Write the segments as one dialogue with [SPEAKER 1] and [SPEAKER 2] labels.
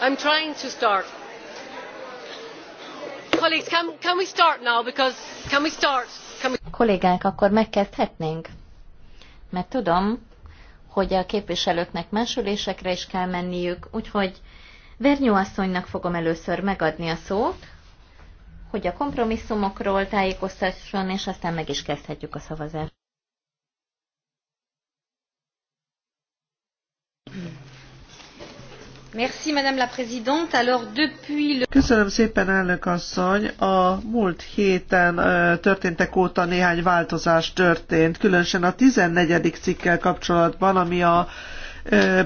[SPEAKER 1] I'm trying to start. Colleagues, can, can we start now? Because can we start? Can we... Kollégák, akkor megkezdhetnénk? Mert tudom, hogy a képviselőknek másülésekre is kell menniük, úgyhogy Vernyó asszonynak fogom először megadni a szót, hogy a kompromisszumokról tájékoztasson, és aztán meg is kezdhetjük a szavazást.
[SPEAKER 2] Köszönöm szépen, elnök asszony. A múlt héten történtek óta néhány változás történt, különösen a 14. cikkel kapcsolatban, ami a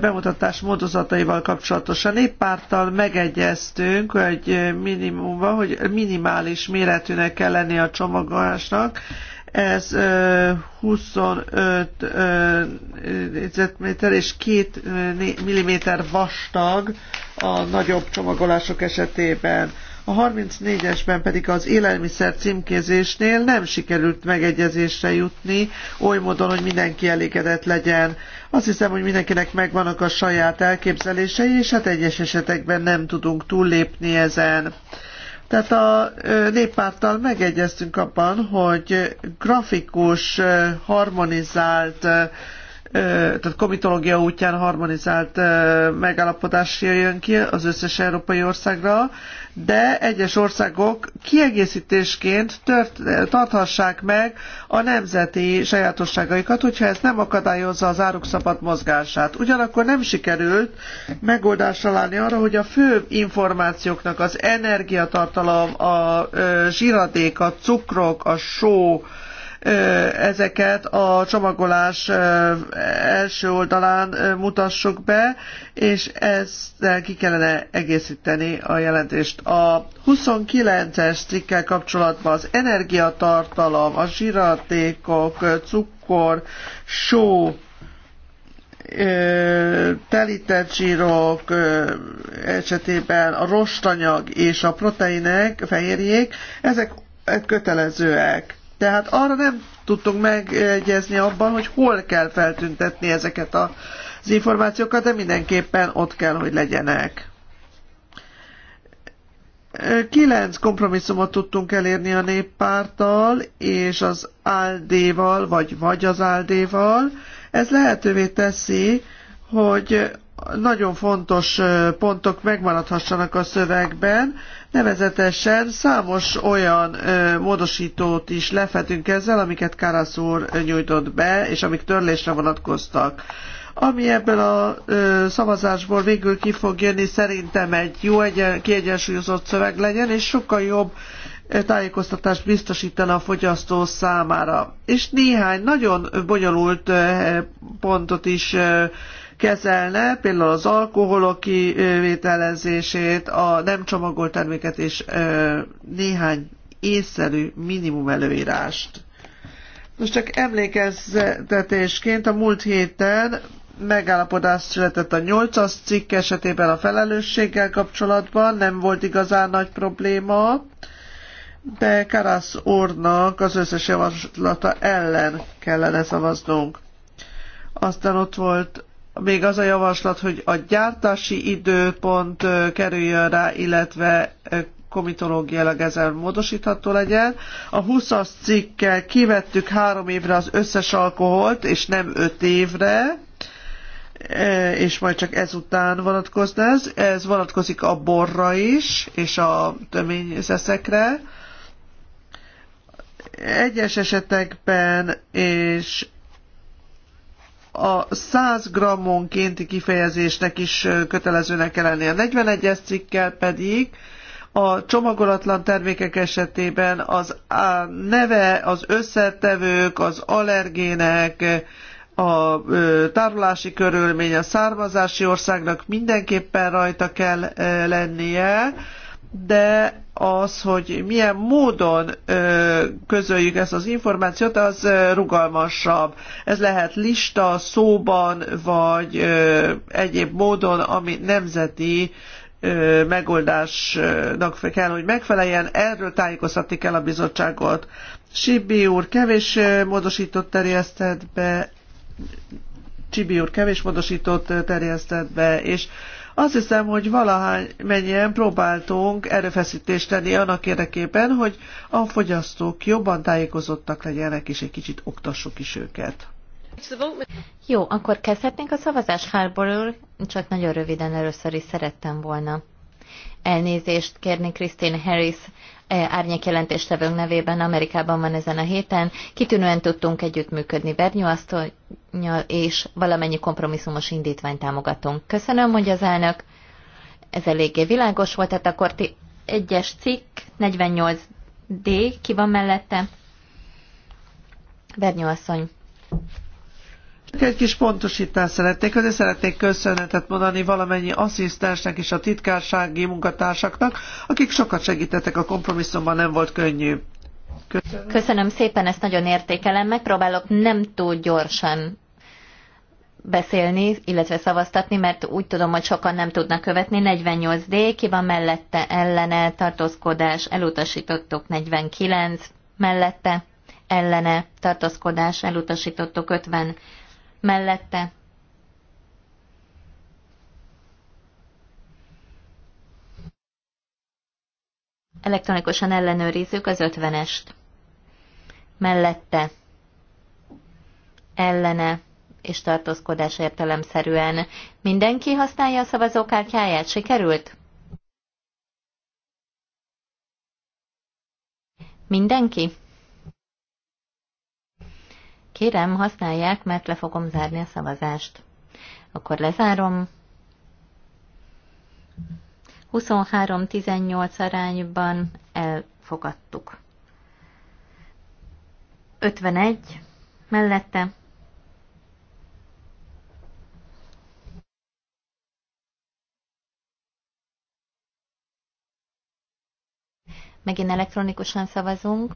[SPEAKER 2] bemutatás módozataival kapcsolatosan. Néppárttal megegyeztünk hogy minimum, hogy minimális méretűnek kell lenni a csomagolásnak, ez 25 négyzetméter és 2 mm vastag a nagyobb csomagolások esetében. A 34-esben pedig az élelmiszer címkézésnél nem sikerült megegyezésre jutni, oly módon, hogy mindenki elégedett legyen. Azt hiszem, hogy mindenkinek megvannak a saját elképzelései, és hát egyes esetekben nem tudunk túllépni ezen. Tehát a néppárttal megegyeztünk abban, hogy grafikus, harmonizált tehát komitológia útján harmonizált megállapodás jön ki az összes európai országra, de egyes országok kiegészítésként tört, tarthassák meg a nemzeti sajátosságaikat, hogyha ez nem akadályozza az áruk szabad mozgását. Ugyanakkor nem sikerült megoldást találni arra, hogy a fő információknak az energiatartalom, a zsiradék, a cukrok, a só, ezeket a csomagolás első oldalán mutassuk be, és ezzel ki kellene egészíteni a jelentést. A 29-es cikkel kapcsolatban az energiatartalom, a zsiratékok, cukor, só, telített zsírok esetében a rostanyag és a proteinek, fehérjék, ezek kötelezőek. Tehát arra nem tudtunk megegyezni abban, hogy hol kell feltüntetni ezeket az információkat, de mindenképpen ott kell, hogy legyenek. Kilenc kompromisszumot tudtunk elérni a néppárttal és az áldéval, vagy vagy az áldéval. Ez lehetővé teszi, hogy nagyon fontos pontok megmaradhassanak a szövegben, nevezetesen számos olyan módosítót is lefetünk ezzel, amiket Karasz úr nyújtott be, és amik törlésre vonatkoztak. Ami ebből a szavazásból végül ki fog jönni, szerintem egy jó, egyen, kiegyensúlyozott szöveg legyen, és sokkal jobb tájékoztatást biztosítana a fogyasztó számára. És néhány nagyon bonyolult pontot is kezelne, például az alkoholok kivételezését, a nem csomagolt terméket és néhány észszerű minimum előírást. Most csak emlékeztetésként a múlt héten megállapodás született a 8-as cikk esetében a felelősséggel kapcsolatban, nem volt igazán nagy probléma, de Karasz úrnak az összes javaslata ellen kellene szavaznunk. Aztán ott volt még az a javaslat, hogy a gyártási időpont kerüljön rá, illetve komitológiailag ezen módosítható legyen. A 20-as cikkkel kivettük három évre az összes alkoholt, és nem öt évre, és majd csak ezután vonatkozna ez. Ez vonatkozik a borra is, és a töményzeszekre. Egyes esetekben és a 100 grammonkénti kifejezésnek is kötelezőnek kell lennie. A 41-es cikkel pedig a csomagolatlan termékek esetében az a neve, az összetevők, az allergének, a tárolási körülmény, a származási országnak mindenképpen rajta kell lennie, de az, hogy milyen módon ö, közöljük ezt az információt, az ö, rugalmasabb. Ez lehet lista, szóban, vagy ö, egyéb módon, ami nemzeti ö, megoldásnak kell, hogy megfeleljen. Erről tájékoztatni kell a bizottságot. Sibbi úr kevés módosított terjesztett be, Csibi úr kevés módosított terjesztett be, és azt hiszem, hogy valahány mennyien próbáltunk erőfeszítést tenni annak érdekében, hogy a fogyasztók jobban tájékozottak legyenek, és egy kicsit oktassuk is őket.
[SPEAKER 1] Jó, akkor kezdhetnénk a szavazás Harborul, csak nagyon röviden először is szerettem volna. Elnézést kérni Christine Harris E, árnyékjelentéstevőnk nevében Amerikában van ezen a héten. Kitűnően tudtunk együttműködni Bernyóasztonyjal, és valamennyi kompromisszumos indítványt támogatunk. Köszönöm, mondja az elnök. Ez eléggé világos volt, tehát akkor ti egyes cikk, 48D, ki van mellette? Bernyóasszony
[SPEAKER 2] egy kis pontosítást szeretnék, de szeretnék köszönetet mondani valamennyi asszisztensnek és a titkársági munkatársaknak, akik sokat segítettek a kompromisszumban, nem volt könnyű.
[SPEAKER 1] Köszönöm. Köszönöm szépen, ezt nagyon értékelem. Megpróbálok nem túl gyorsan beszélni, illetve szavaztatni, mert úgy tudom, hogy sokan nem tudnak követni. 48D, ki van mellette ellene, tartózkodás, elutasítottuk 49, mellette ellene, tartózkodás, elutasítottuk 50 mellette. Elektronikusan ellenőrizzük az ötvenest. Mellette. Ellene és tartózkodás értelemszerűen. Mindenki használja a szavazókártyáját? Sikerült? Mindenki? Kérem, használják, mert le fogom zárni a szavazást. Akkor lezárom. 23-18 arányban elfogadtuk. 51 mellette. Megint elektronikusan szavazunk.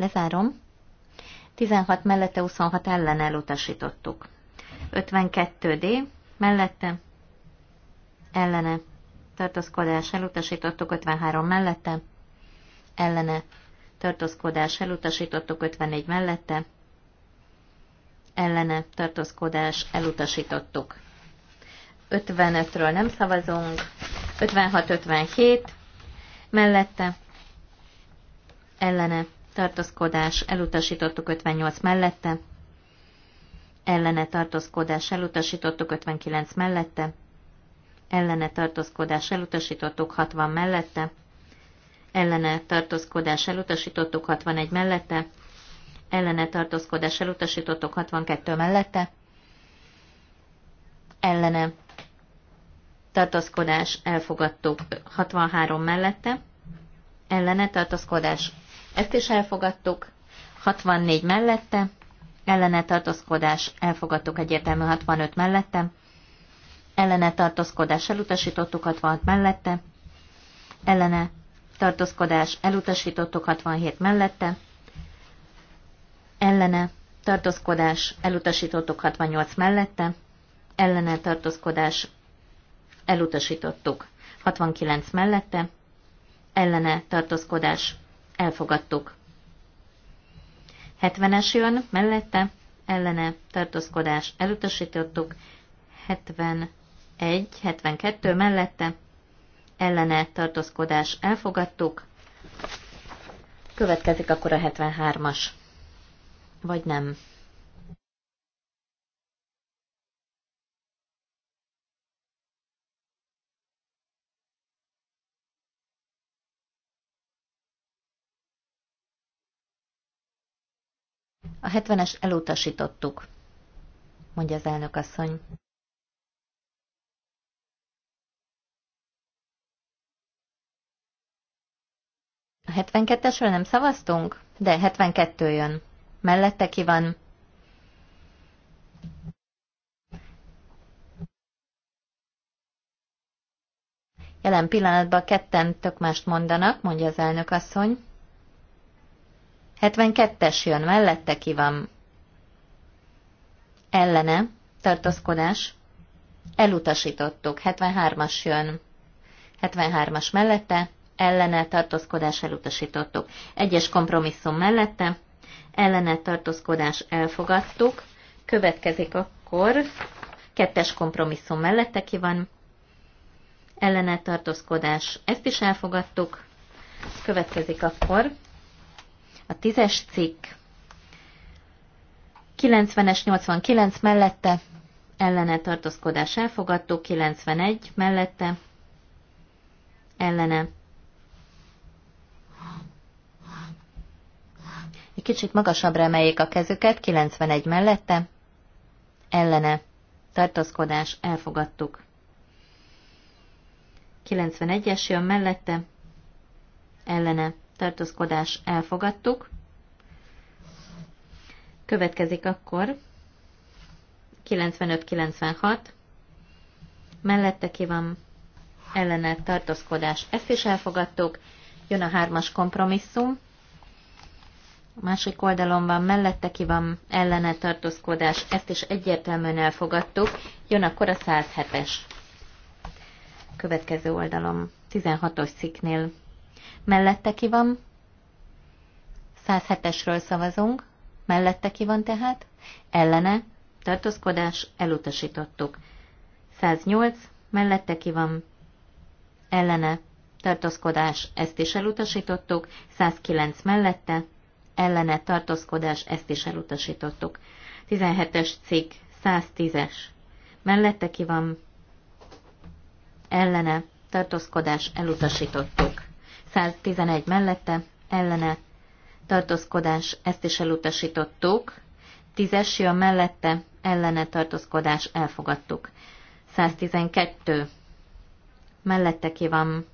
[SPEAKER 1] Lezárom. 16 mellette, 26 ellen elutasítottuk. 52D mellette, ellene, tartózkodás elutasítottuk, 53 mellette, ellene, tartózkodás elutasítottuk, 54 mellette, ellene, tartózkodás elutasítottuk. 55-ről nem szavazunk, 56-57 mellette, ellene, tartózkodás elutasítottuk 58 mellette, ellene tartózkodás elutasítottuk 59 mellette, ellene tartózkodás elutasítottuk 60 mellette, ellene tartózkodás elutasítottuk 61 mellette, ellene tartózkodás elutasítottuk 62 mellette, ellene tartózkodás elfogadtuk 63 mellette, ellene tartózkodás ezt is elfogadtuk. 64 mellette, ellene tartózkodás elfogadtuk egyértelmű 65 mellette, ellene tartózkodás elutasítottuk 66 mellette, ellene tartózkodás elutasítottuk 67 mellette, ellene tartózkodás elutasítottuk 68 mellette, ellene tartózkodás elutasítottuk 69 mellette, ellene tartózkodás Elfogadtuk. 70-es jön, mellette, ellene, tartózkodás, elutasítottuk. 71, 72 mellette, ellene, tartózkodás, elfogadtuk. Következik akkor a 73-as. Vagy nem. A hetvenes elutasítottuk, mondja az elnökasszony. A 72-esről nem szavaztunk? De 72 jön. Mellette ki van? Jelen pillanatban ketten tök mást mondanak, mondja az elnök asszony. 72-es jön, mellette ki van. Ellene, tartózkodás, elutasítottuk. 73-as jön, 73-as mellette, ellene, tartózkodás, elutasítottuk. Egyes kompromisszum mellette, ellene, tartózkodás, elfogadtuk. Következik akkor, kettes kompromisszum mellette ki van, ellene, tartózkodás, ezt is elfogadtuk. Következik akkor a tízes cikk 90-es 89 mellette ellene tartózkodás elfogadtó, 91 mellette ellene. Egy kicsit magasabbra emeljék a kezüket, 91 mellette ellene tartózkodás elfogadtuk. 91-es jön mellette ellene tartózkodás elfogadtuk. Következik akkor 95-96, mellette ki van ellene tartózkodás, ezt is elfogadtuk, jön a hármas kompromisszum, a másik oldalon van, mellette ki van ellene tartózkodás, ezt is egyértelműen elfogadtuk, jön akkor a 107-es. Következő oldalom, 16-os cikknél Mellette ki van? 107-esről szavazunk. Mellette ki van tehát? Ellene. Tartózkodás. Elutasítottuk. 108. Mellette ki van? Ellene. Tartózkodás. Ezt is elutasítottuk. 109 mellette. Ellene. Tartózkodás. Ezt is elutasítottuk. 17-es cikk. 110-es. Mellette ki van? Ellene. Tartózkodás. Elutasítottuk. 111 mellette, ellene, tartózkodás, ezt is elutasítottuk. 10-es jön mellette, ellene tartózkodás, elfogadtuk. 112. Mellette ki van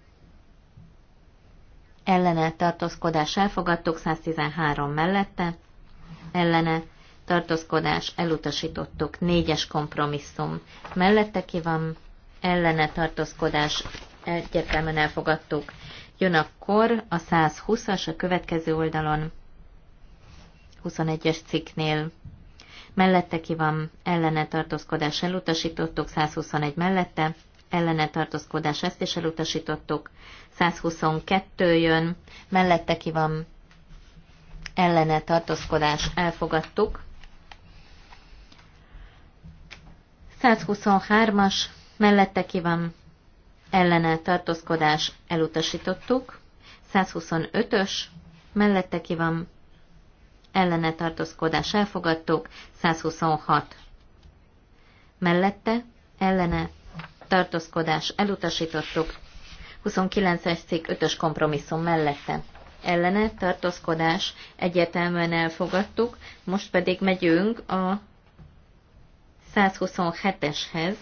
[SPEAKER 1] ellene tartózkodás, elfogadtuk. 113 mellette, ellene tartózkodás, elutasítottuk. 4-es kompromisszum. Mellette ki van ellene tartózkodás, egyértelműen elfogadtuk. Jön akkor a 120-as a következő oldalon, 21-es cikknél. Mellette ki van ellene tartózkodás elutasítottuk, 121 mellette, ellene tartózkodás ezt is elutasítottuk, 122 jön, mellette ki van ellene tartózkodás elfogadtuk, 123-as, mellette ki van ellene tartózkodás elutasítottuk, 125-ös mellette ki van ellene tartózkodás elfogadtuk, 126 mellette ellene tartózkodás elutasítottuk, 29-es cikk 5-ös kompromisszum mellette ellene tartózkodás egyértelműen elfogadtuk, most pedig megyünk a 127-eshez,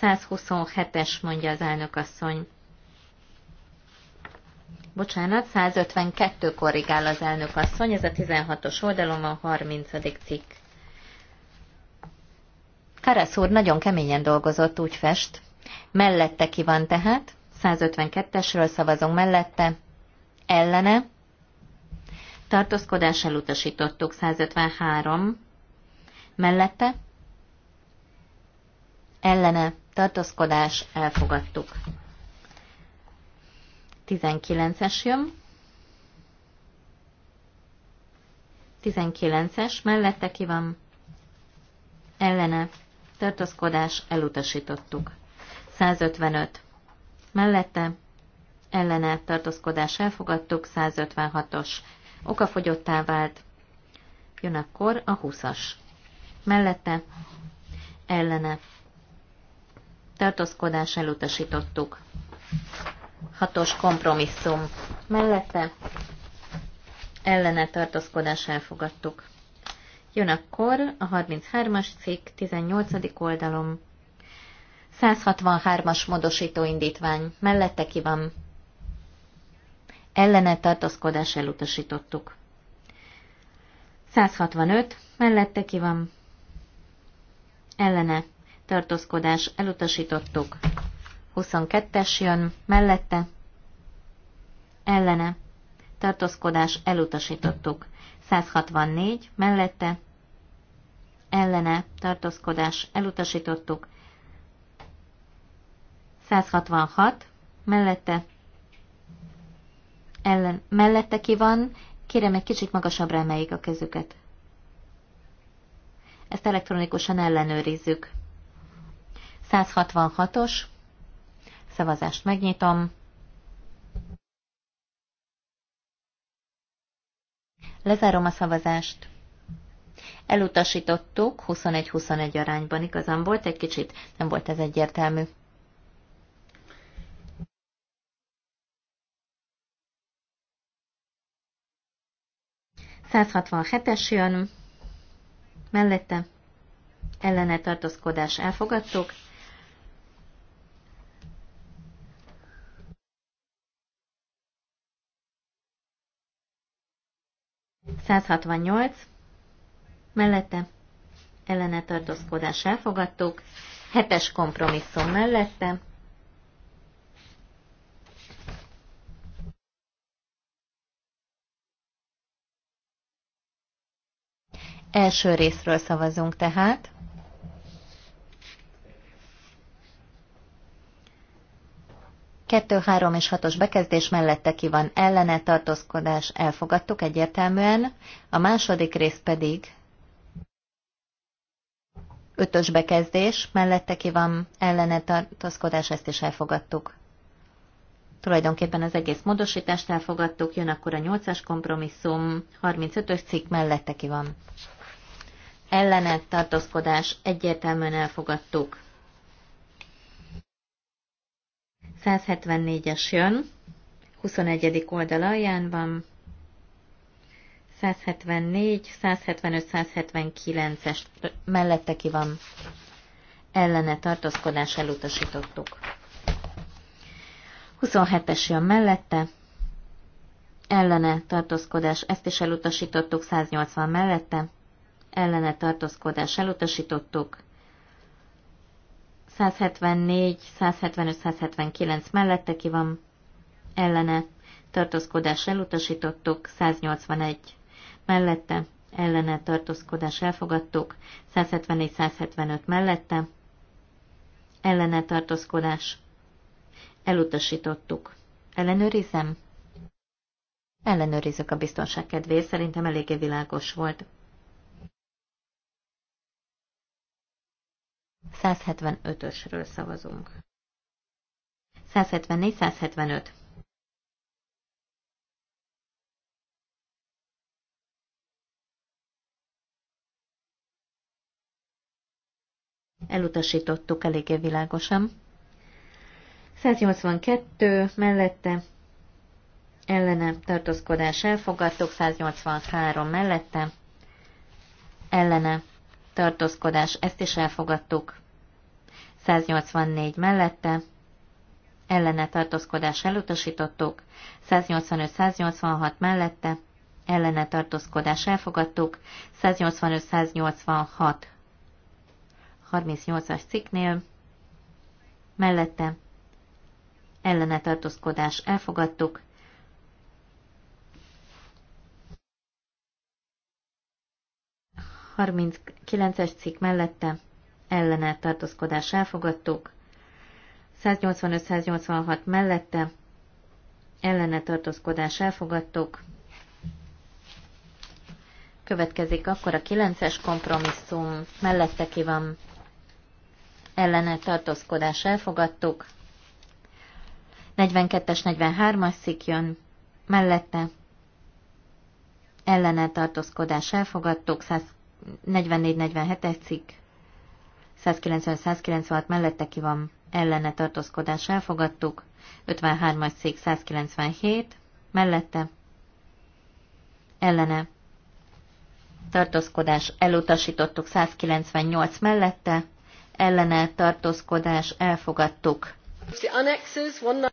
[SPEAKER 1] 127-es, mondja az elnökasszony. Bocsánat, 152 korrigál az elnökasszony, ez a 16-os oldalon a 30. cikk. Karasz úr nagyon keményen dolgozott, úgy fest. Mellette ki van tehát, 152-esről szavazunk mellette, ellene, tartózkodás elutasítottuk, 153, mellette, ellene tartózkodás elfogadtuk. 19-es jön. 19-es mellette ki van ellene tartózkodás elutasítottuk. 155 mellette ellene tartózkodás elfogadtuk, 156-os okafogyottá vált, jön akkor a 20-as. Mellette ellene tartózkodás elutasítottuk. Hatos kompromisszum mellette ellene tartózkodás elfogadtuk. Jön akkor a 33-as cikk, 18. oldalom, 163-as módosító indítvány, mellette ki van. Ellene tartózkodás elutasítottuk. 165, mellette ki van. Ellene tartózkodás elutasítottuk. 22-es jön, mellette, ellene, tartózkodás elutasítottuk. 164, mellette, ellene, tartózkodás elutasítottuk. 166, mellette, ellen, mellette ki van, kérem egy kicsit magasabbra emeljék a kezüket. Ezt elektronikusan ellenőrizzük. 166-os. Szavazást megnyitom. Lezárom a szavazást. Elutasítottuk, 21-21 arányban igazán volt, egy kicsit nem volt ez egyértelmű. es jön, mellette ellene tartózkodás elfogadtuk, 168 mellette ellene tartózkodás elfogadtuk, 7-es kompromisszum mellette, Első részről szavazunk tehát. 2, 3 és 6-os bekezdés mellette ki van ellene tartózkodás, elfogadtuk egyértelműen, a második rész pedig 5 bekezdés mellette ki van ellene tartózkodás, ezt is elfogadtuk. Tulajdonképpen az egész módosítást elfogadtuk, jön akkor a 8-as kompromisszum, 35-ös cikk mellette ki van. Ellene tartózkodás, egyértelműen elfogadtuk. 174-es jön, 21. oldal alján van, 174, 175, 179-es mellette ki van, ellene tartózkodás elutasítottuk. 27-es jön mellette, ellene tartózkodás, ezt is elutasítottuk, 180 mellette, ellene tartózkodás elutasítottuk, 174, 175, 179 mellette ki van, ellene, tartózkodás elutasítottuk, 181 mellette, ellene tartózkodás elfogadtuk, 174-175 mellette, ellene tartózkodás elutasítottuk. Ellenőrizem? Ellenőrizök a biztonság kedvéért, szerintem eléggé világos volt. 175-ösről szavazunk. 174-175. Elutasítottuk eléggé világosan. 182 mellette ellene tartózkodás elfogadtuk, 183 mellette ellene tartózkodás, ezt is elfogadtuk. 184 mellette, ellene tartózkodás elutasítottuk, 185-186 mellette, ellene tartózkodás elfogadtuk, 185-186 38-as cikknél, mellette ellene tartózkodás elfogadtuk, harminckilences cikk mellette ellene tartózkodás elfogadtuk, 185-186 mellette ellene tartózkodás elfogadtuk, Következik akkor a 9-es kompromisszum, mellette ki van ellene tartózkodás elfogadtuk, 42-es, 43-as szik jön, mellette ellene tartózkodás elfogadtuk, 144-47-es cikk, 190-196 mellette ki van ellene tartózkodás elfogadtuk, 53-as szék 197 mellette ellene tartózkodás elutasítottuk 198 mellette, ellene tartózkodás elfogadtuk.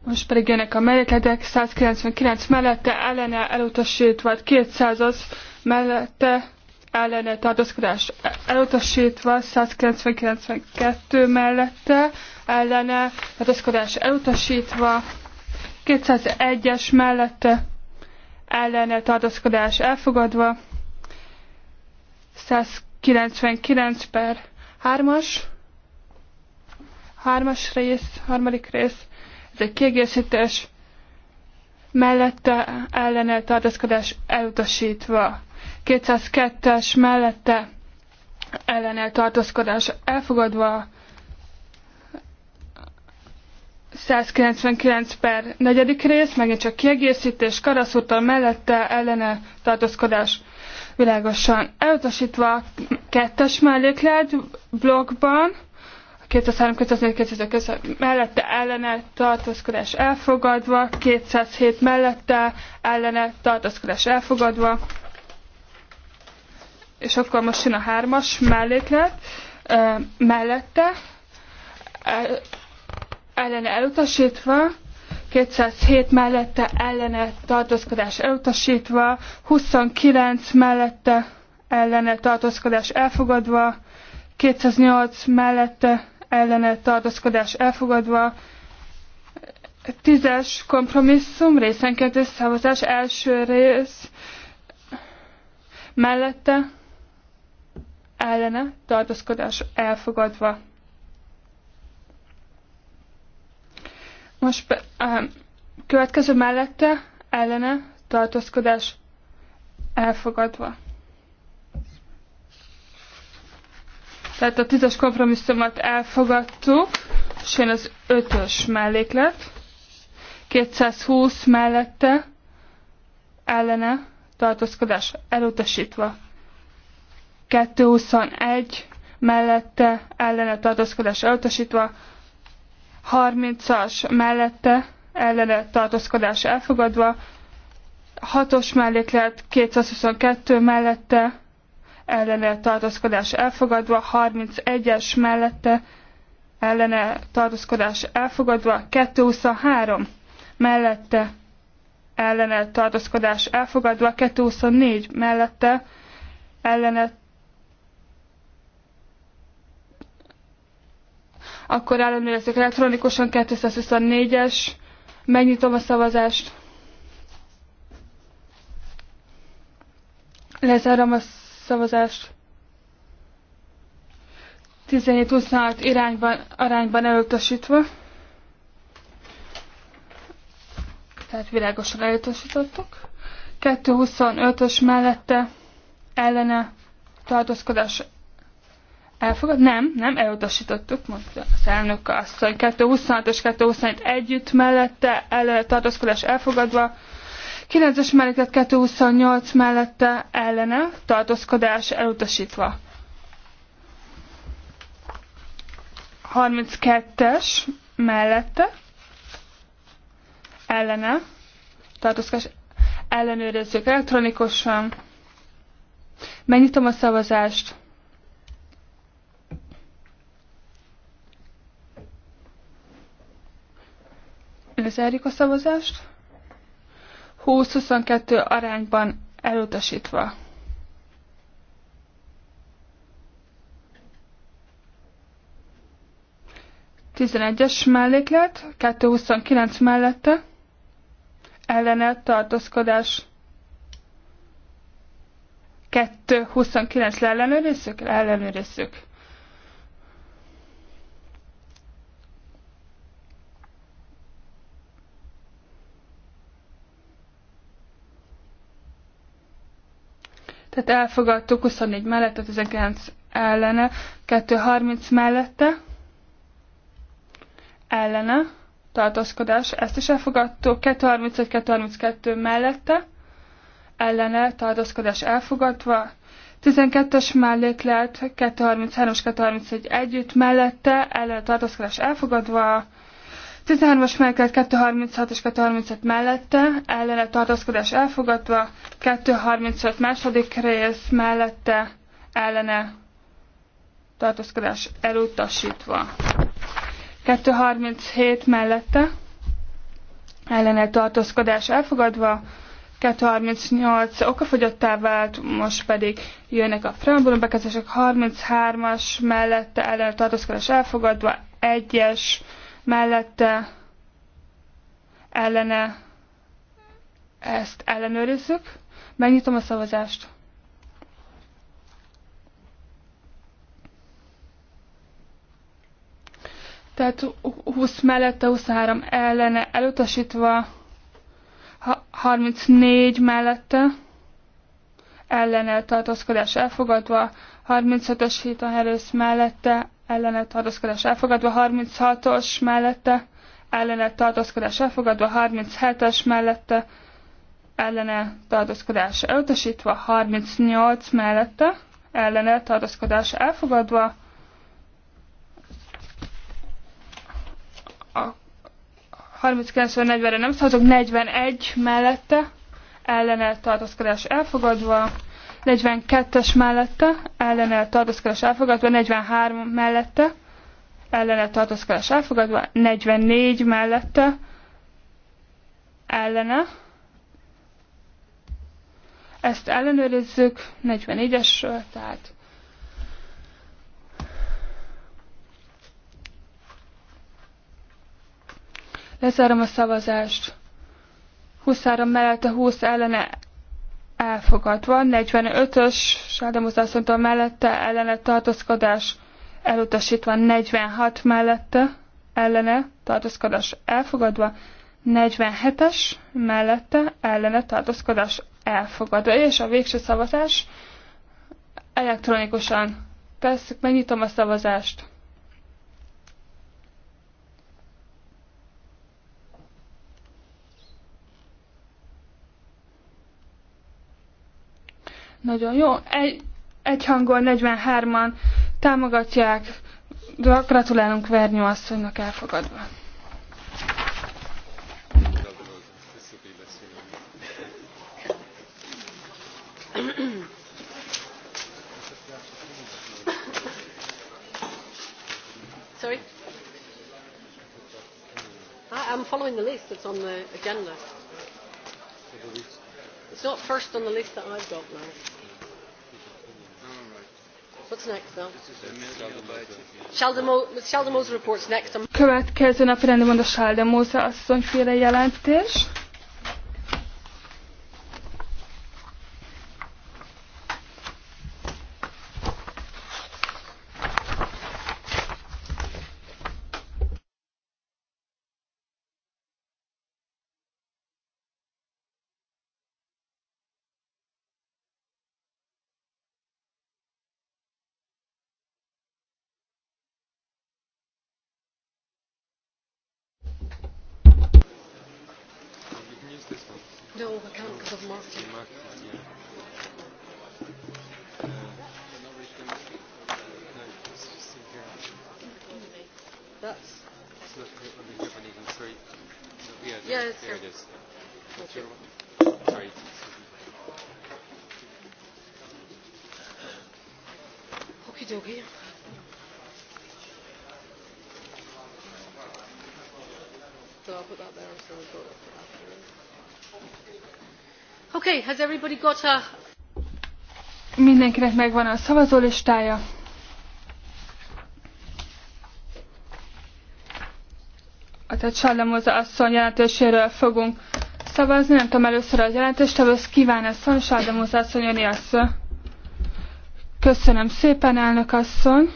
[SPEAKER 3] Most pedig jönnek a mellékletek 199 mellette, ellene elutasítva 200 az mellette, ellene tartózkodás elutasítva, 192 mellette ellene tartózkodás elutasítva, 201-es mellette ellene tartózkodás elfogadva, 199 per 3-as, 3-as rész, harmadik rész, ez egy kiegészítés, mellette ellene tartózkodás elutasítva. 202-es mellette ellenel tartózkodás elfogadva, 199 per negyedik rész, megint csak kiegészítés, karaszúrtal mellette ellene tartózkodás világosan elutasítva kettes melléklet blogban, 203-204-205 mellette ellene tartózkodás elfogadva, 207 mellette ellene tartózkodás elfogadva, és akkor most jön a hármas melléklet, mellette, e, ellene elutasítva, 207 mellette ellene tartózkodás elutasítva, 29 mellette ellene tartózkodás elfogadva, 208 mellette ellene tartózkodás elfogadva, 10-es kompromisszum, részenkedő szavazás első rész mellette ellene tartózkodás elfogadva. Most a következő mellette ellene tartózkodás elfogadva. Tehát a tízes kompromisszumot elfogadtuk, és jön az ötös melléklet. 220 mellette ellene tartózkodás elutasítva. 221 mellette ellene tartózkodás elutasítva, 30-as mellette ellene tartózkodás elfogadva, 6-os melléklet 222 mellette ellene tartózkodás elfogadva, 31-es mellette ellene tartózkodás elfogadva, 223 mellette ellene tartózkodás elfogadva, 224 mellette ellene Akkor ellenőrizzük elektronikusan 224-es. Megnyitom a szavazást. Lezárom a szavazást. 17-26 irányban, arányban elutasítva. Tehát világosan elutasítottuk. 225-ös mellette ellene tartózkodás Elfogad? Nem, nem, elutasítottuk, mondta az elnök asszony. 226 és 227 együtt mellette, el, tartózkodás elfogadva. 9-es melléklet 228 mellette ellene, tartózkodás elutasítva. 32-es mellette ellene, tartózkodás ellenőrizzük elektronikusan. Megnyitom a szavazást. Lezárjuk a szavazást. 20-22 arányban elutasítva. Tizenegyes melléklet, 229 mellette, ellene tartózkodás 229 leellenőrizzük, leellenőrizzük. tehát elfogadtuk 24 mellett, 19 ellene, 230 mellette, ellene, tartózkodás, ezt is elfogadtuk, 231-232 mellette, ellene, tartózkodás elfogadva, 12-es melléklet, 233-231 együtt mellette, ellene, tartózkodás elfogadva, 13-as melléklet 236 és 235 mellette, ellene tartózkodás elfogadva, 235 második rész mellette, ellene tartózkodás elutasítva. 237 mellette, ellene tartózkodás elfogadva, 238 okafogyottá vált, most pedig jönnek a preambulum bekezdések, 33-as mellette ellene tartózkodás elfogadva, 1-es mellette ellene ezt ellenőrizzük. Megnyitom a szavazást. Tehát 20 mellette, 23 ellene elutasítva, 34 mellette ellene tartózkodás elfogadva, 35-ös hit a mellette ellenet tartózkodás elfogadva, 36-os mellette ellenet tartózkodás elfogadva, 37-es mellette ellene tartózkodás elutasítva, 38 mellette ellene tartózkodás elfogadva, a 39-40-re nem szavazok, 41 mellette ellene tartózkodás elfogadva, 42-es mellette, ellene tartózkodás elfogadva, 43 mellette, ellene tartózkodás elfogadva, 44 mellette, ellene. Ezt ellenőrizzük, 44-esről, tehát Lezárom a szavazást. 23 mellette 20 ellene elfogadva, 45-ös mondta mellette ellene tartózkodás elutasítva, 46 mellette ellene tartózkodás elfogadva, 47-es mellette ellene tartózkodás elfogadva. És a végső szavazás elektronikusan tesszük, megnyitom a szavazást. Nagyon jó. Egy, egy hangon 43-an támogatják. Gratulálunk Vernyó asszonynak elfogadva.
[SPEAKER 2] Sorry? I'm following the list that's on the agenda.
[SPEAKER 3] It's not first on the list that I've got, Mark. What's next, though? Következő napi rendi mond a Sáldemóza asszonyféle jelentés. Okay, has everybody got a... Mindenkinek megvan a szavazólistája. Tehát Sallamóza asszony jelentéséről fogunk szavazni. Nem tudom, először a jelentést, ahhoz kíván asszony, Sallamóza asszony, jönni asszony. Köszönöm szépen, elnök asszony.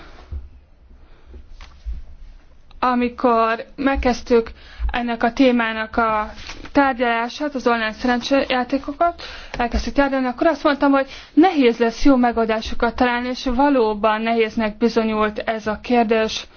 [SPEAKER 3] Amikor megkezdtük ennek a témának a tárgyalását, az online szerencsejátékokat, elkezdtük tárgyalni, akkor azt mondtam, hogy nehéz lesz jó megoldásokat találni, és valóban nehéznek bizonyult ez a kérdés.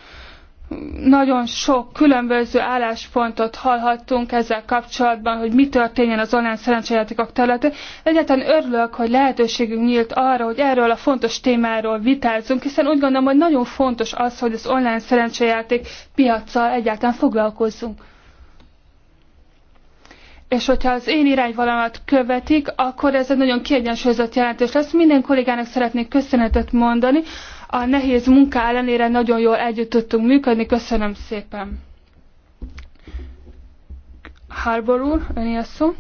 [SPEAKER 3] Nagyon sok különböző álláspontot hallhattunk ezzel kapcsolatban, hogy mi történjen az online szerencsejátékok területén. Egyáltalán örülök, hogy lehetőségünk nyílt arra, hogy erről a fontos témáról vitázzunk, hiszen úgy gondolom, hogy nagyon fontos az, hogy az online szerencsejáték piaccal egyáltalán foglalkozzunk és hogyha az én irányvalamat követik, akkor ez egy nagyon kiegyensúlyozott jelentés lesz. Minden kollégának szeretnék köszönetet mondani. A nehéz munka ellenére nagyon jól együtt tudtunk működni. Köszönöm szépen. Harbor úr, öné a szó.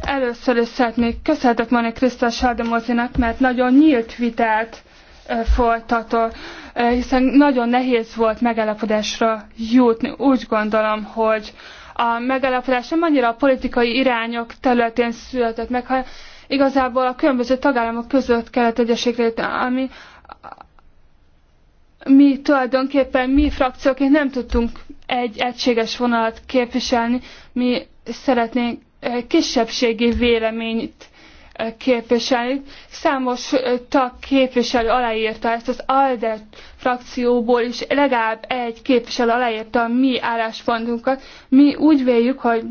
[SPEAKER 3] Először is szeretnék köszönetet mondani Krisztál Sárdemozinak, mert nagyon nyílt vitát folytatott, hiszen nagyon nehéz volt megállapodásra jutni. Úgy gondolom, hogy a megállapodás nem annyira a politikai irányok területén született meg, hanem igazából a különböző tagállamok között kellett egyeségre ami mi tulajdonképpen mi frakcióként nem tudtunk egy egységes vonalat képviselni, mi szeretnénk kisebbségi véleményt képviselni. Számos tag képviselő aláírta ezt az ALDE frakcióból is, legalább egy képviselő aláírta a mi álláspontunkat. Mi úgy véljük, hogy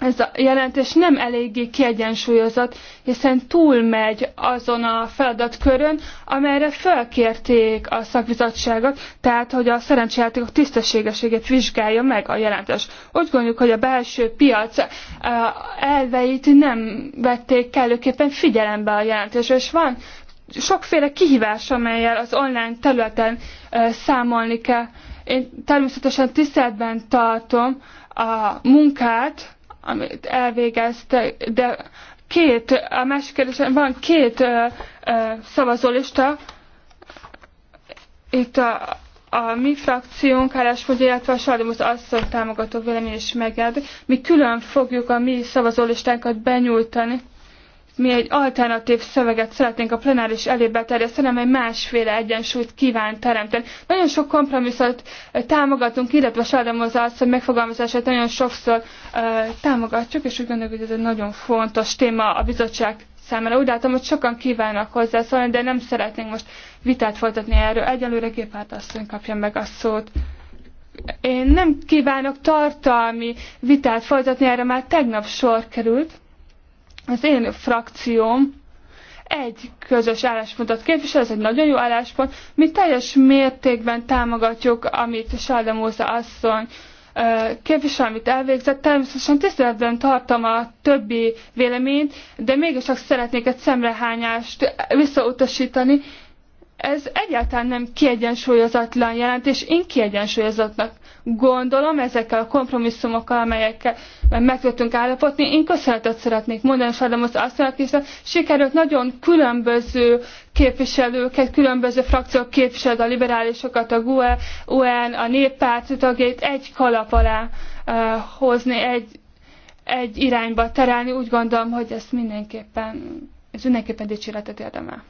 [SPEAKER 3] ez a jelentés nem eléggé kiegyensúlyozott, hiszen túlmegy azon a feladatkörön, amelyre felkérték a szakbizottságot, tehát hogy a szerencsejátékok tisztességességét vizsgálja meg a jelentés. Úgy gondoljuk, hogy a belső piac eh, elveit nem vették kellőképpen figyelembe a jelentésre, és van sokféle kihívás, amelyel az online területen eh, számolni kell. Én természetesen tiszteletben tartom a munkát, amit elvégezte, de két, a másik kérdésem, van két ö, ö, szavazólista, itt a, a mi frakciónk álláspontja, illetve a Sardimus asszony támogató vélemény is megjelent. Mi külön fogjuk a mi szavazólistánkat benyújtani mi egy alternatív szöveget szeretnénk a plenáris elébe terjeszteni, amely másféle egyensúlyt kíván teremteni. Nagyon sok kompromisszot támogatunk, illetve sajnálom az hogy megfogalmazását nagyon sokszor uh, támogatjuk, és úgy gondoljuk, hogy ez egy nagyon fontos téma a bizottság számára. Úgy látom, hogy sokan kívánnak hozzászólni, de nem szeretnénk most vitát folytatni erről. Egyelőre Gépárt asszony kapja meg a szót. Én nem kívánok tartalmi vitát folytatni, erre már tegnap sor került az én frakcióm egy közös álláspontot képvisel, ez egy nagyon jó álláspont. Mi teljes mértékben támogatjuk, amit Saldemóza asszony képvisel, amit elvégzett. Természetesen tiszteletben tartom a többi véleményt, de mégis csak szeretnék egy szemrehányást visszautasítani, ez egyáltalán nem kiegyensúlyozatlan jelentés, én kiegyensúlyozatnak gondolom ezekkel a kompromisszumokkal, amelyekkel meg tudtunk állapodni. Én köszönetet szeretnék mondani Sardamosz asszonynak, hiszen sikerült nagyon különböző képviselőket, különböző frakciók képviselőt, a liberálisokat, a GUE, UN, a néppárt tagjait egy kalap alá uh, hozni, egy, egy irányba terelni. Úgy gondolom, hogy ezt mindenképpen, ez mindenképpen dicséretet érdemel.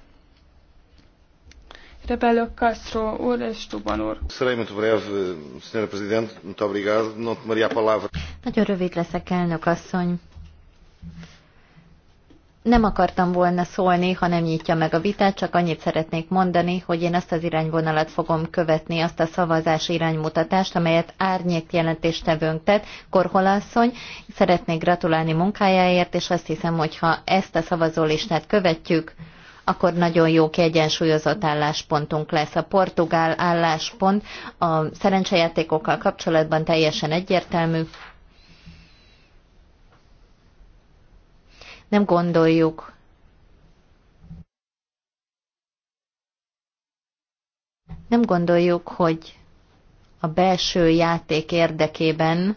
[SPEAKER 3] Rebelo Castro úr és
[SPEAKER 2] Serei muito breve, Sra. Presidente, muito obrigado. Não tomaria a palavra.
[SPEAKER 3] Nagyon
[SPEAKER 1] rövid leszek, elnök asszony. Nem akartam volna szólni, ha nem nyitja meg a vitát, csak annyit szeretnék mondani, hogy én azt az irányvonalat fogom követni, azt a szavazás iránymutatást, amelyet árnyék jelentéstevőnk tett, Korholasszony. Szeretnék gratulálni munkájáért, és azt hiszem, hogy ha ezt a szavazólistát követjük, akkor nagyon jó kiegyensúlyozott álláspontunk lesz. A portugál álláspont a szerencsejátékokkal kapcsolatban teljesen egyértelmű. Nem gondoljuk, nem gondoljuk, hogy a belső játék érdekében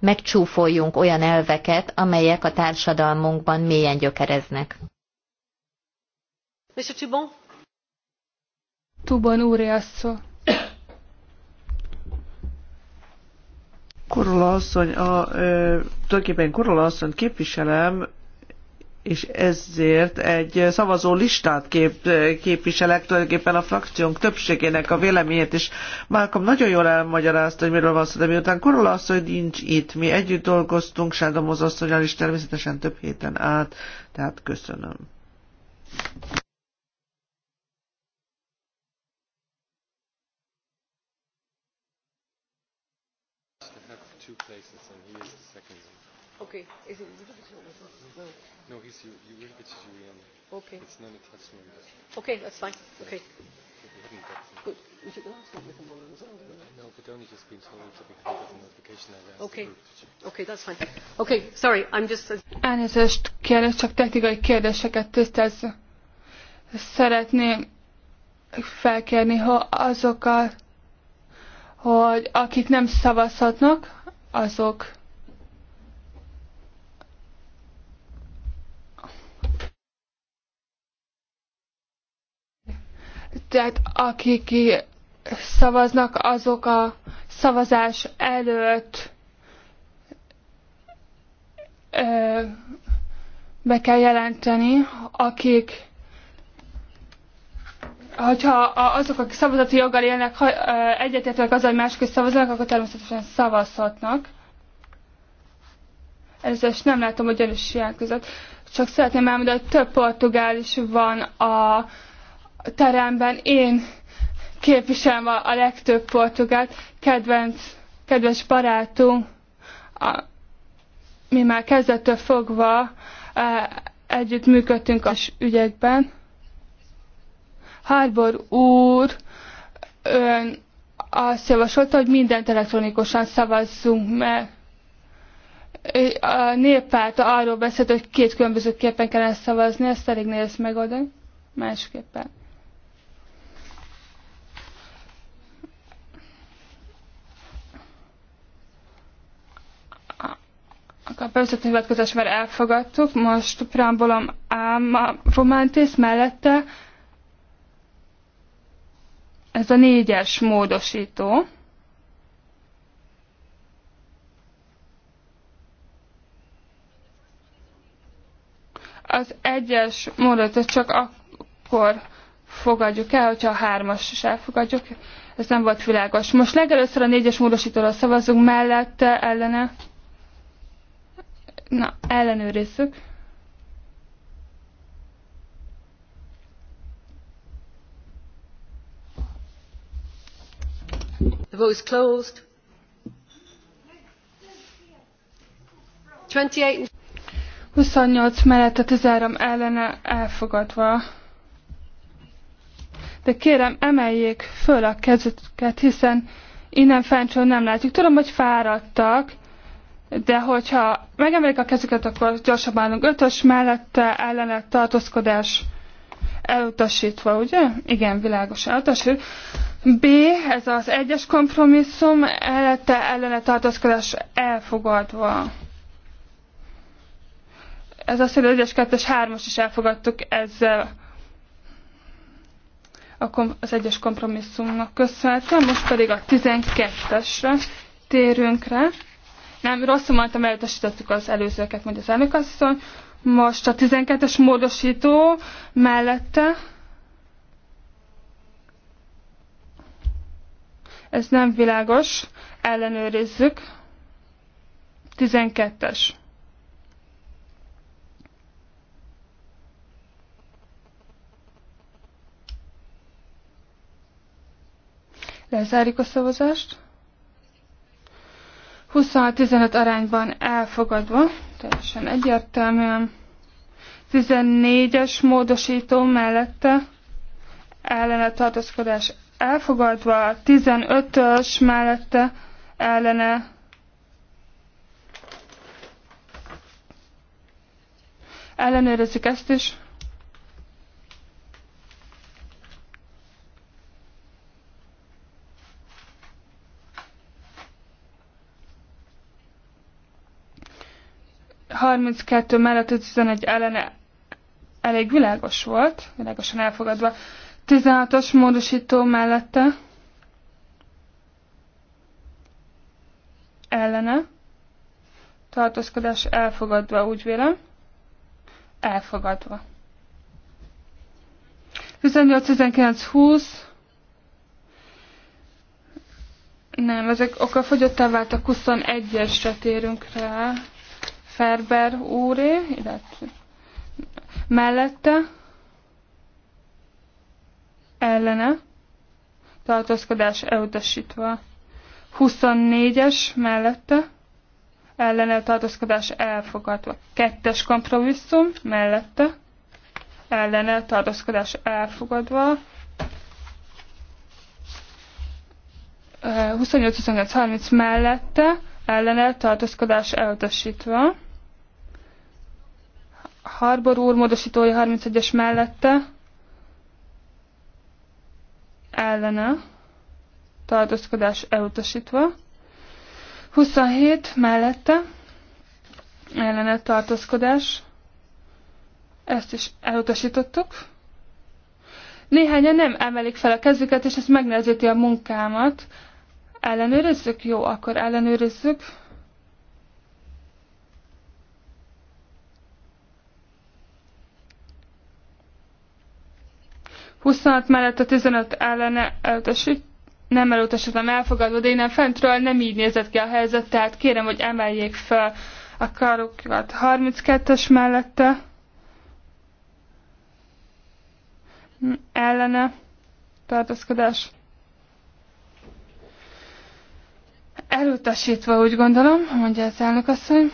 [SPEAKER 1] megcsúfoljunk olyan elveket, amelyek a társadalmunkban mélyen gyökereznek.
[SPEAKER 3] Mr. úr szó.
[SPEAKER 2] asszony, a, ö, tulajdonképpen Korola asszonyt képviselem, és ezért egy szavazó listát kép, képviselek tulajdonképpen a frakciónk többségének a véleményét, és Márkom nagyon jól elmagyarázta, hogy miről van szó, de miután Korola asszony nincs itt, mi együtt dolgoztunk Sándomoz asszonyal is természetesen több héten át, tehát köszönöm. Okay. Is it, no.
[SPEAKER 3] No, he's you. You will get Julian. Okay. It's not non-attachment. Okay, that's fine. Okay. Good. We should ask him with him No, but only just been told to be as a notification. Okay. Okay, that's fine. Okay, sorry, I'm just. Elnézést kérek, csak technikai kérdéseket tisztázzak. Szeretném felkérni, ha azokat, hogy akik nem szavazhatnak, azok tehát akik szavaznak, azok a szavazás előtt ö, be kell jelenteni, akik hogyha azok, akik szavazati joggal élnek, egyetértőek azzal, hogy máskor szavaznak, akkor természetesen szavazhatnak. Ezzel is nem látom a gyanús között. Csak szeretném elmondani, hogy több portugális van a teremben én képviselem a legtöbb portugált, kedvenc, kedves barátunk, a, mi már kezdettől fogva e, együtt működtünk s ügyekben. Harbor úr, ön azt javasolta, hogy mindent elektronikusan szavazzunk meg. A néppárt arról beszélt, hogy két különböző képen kellene szavazni, ezt elég nehéz megoldani. Másképpen. Akkor a bevezető hivatkozás már elfogadtuk, most preambulum a romantis mellette ez a négyes módosító. Az egyes módosító csak akkor fogadjuk el, hogyha a hármas is elfogadjuk. Ez nem volt világos. Most legelőször a négyes módosítóra szavazunk mellette, ellene. Na, ellenőrizzük. The vote is closed. 28... mellett a 13 ellene elfogadva. De kérem, emeljék föl a kezüket, hiszen innen fáncsol nem látjuk. Tudom, hogy fáradtak, de hogyha megemelik a kezüket, akkor gyorsabban állunk. Ötös mellette ellene tartózkodás elutasítva, ugye? Igen, világos elutasít. B, ez az egyes kompromisszum, ellete ellene tartózkodás elfogadva. Ez azt jelenti, hogy az kettes, hármas is elfogadtuk ezzel az egyes kompromisszumnak köszönhetően. Most pedig a 12-esre térünk rá. Nem, rosszul mondtam, elutasítottuk az előzőket, mondja az elnökasszony. Most a 12-es módosító mellette. Ez nem világos. Ellenőrizzük. 12-es. Lezárjuk a szavazást. 26-15 arányban elfogadva, teljesen egyértelműen. 14-es módosító mellette ellene tartózkodás elfogadva, 15-ös mellette ellene ellenőrizzük ezt is. 32 mellett 11 ellene elég világos volt, világosan elfogadva. 16-os módosító mellette ellene tartózkodás elfogadva, úgy vélem. Elfogadva. 18-19-20 Nem, ezek okafogyottá váltak, 21-esre térünk rá. Ferber úré, illetve mellette ellene tartózkodás elutasítva. 24-es mellette ellene tartózkodás elfogadva. Kettes kompromisszum mellette ellene tartózkodás elfogadva. 28-29-30 mellette ellene tartózkodás elutasítva. Harbor úr módosítója 31-es mellette ellene tartózkodás elutasítva. 27 mellette ellene tartózkodás. Ezt is elutasítottuk. Néhányan nem emelik fel a kezüket, és ez megnehezíti a munkámat. Ellenőrizzük? Jó, akkor ellenőrizzük. 26 mellett a 15 ellene elutasít, nem elutasítom elfogadva, de innen fentről nem így nézett ki a helyzet, tehát kérem, hogy emeljék fel a karokat 32-es mellette. Ellene tartózkodás. Elutasítva úgy gondolom, mondja az asszony.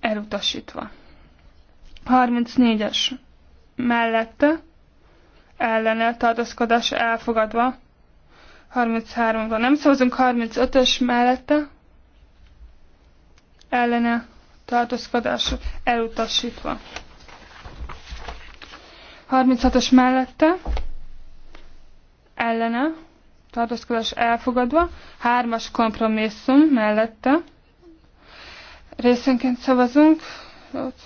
[SPEAKER 3] Elutasítva. 34-es mellette ellene tartózkodás elfogadva. 33-ra nem szavazunk, 35-ös mellette ellene tartózkodás elutasítva. 36-os mellette ellene tartózkodás elfogadva, 3-as kompromisszum mellette részenként szavazunk. Ott.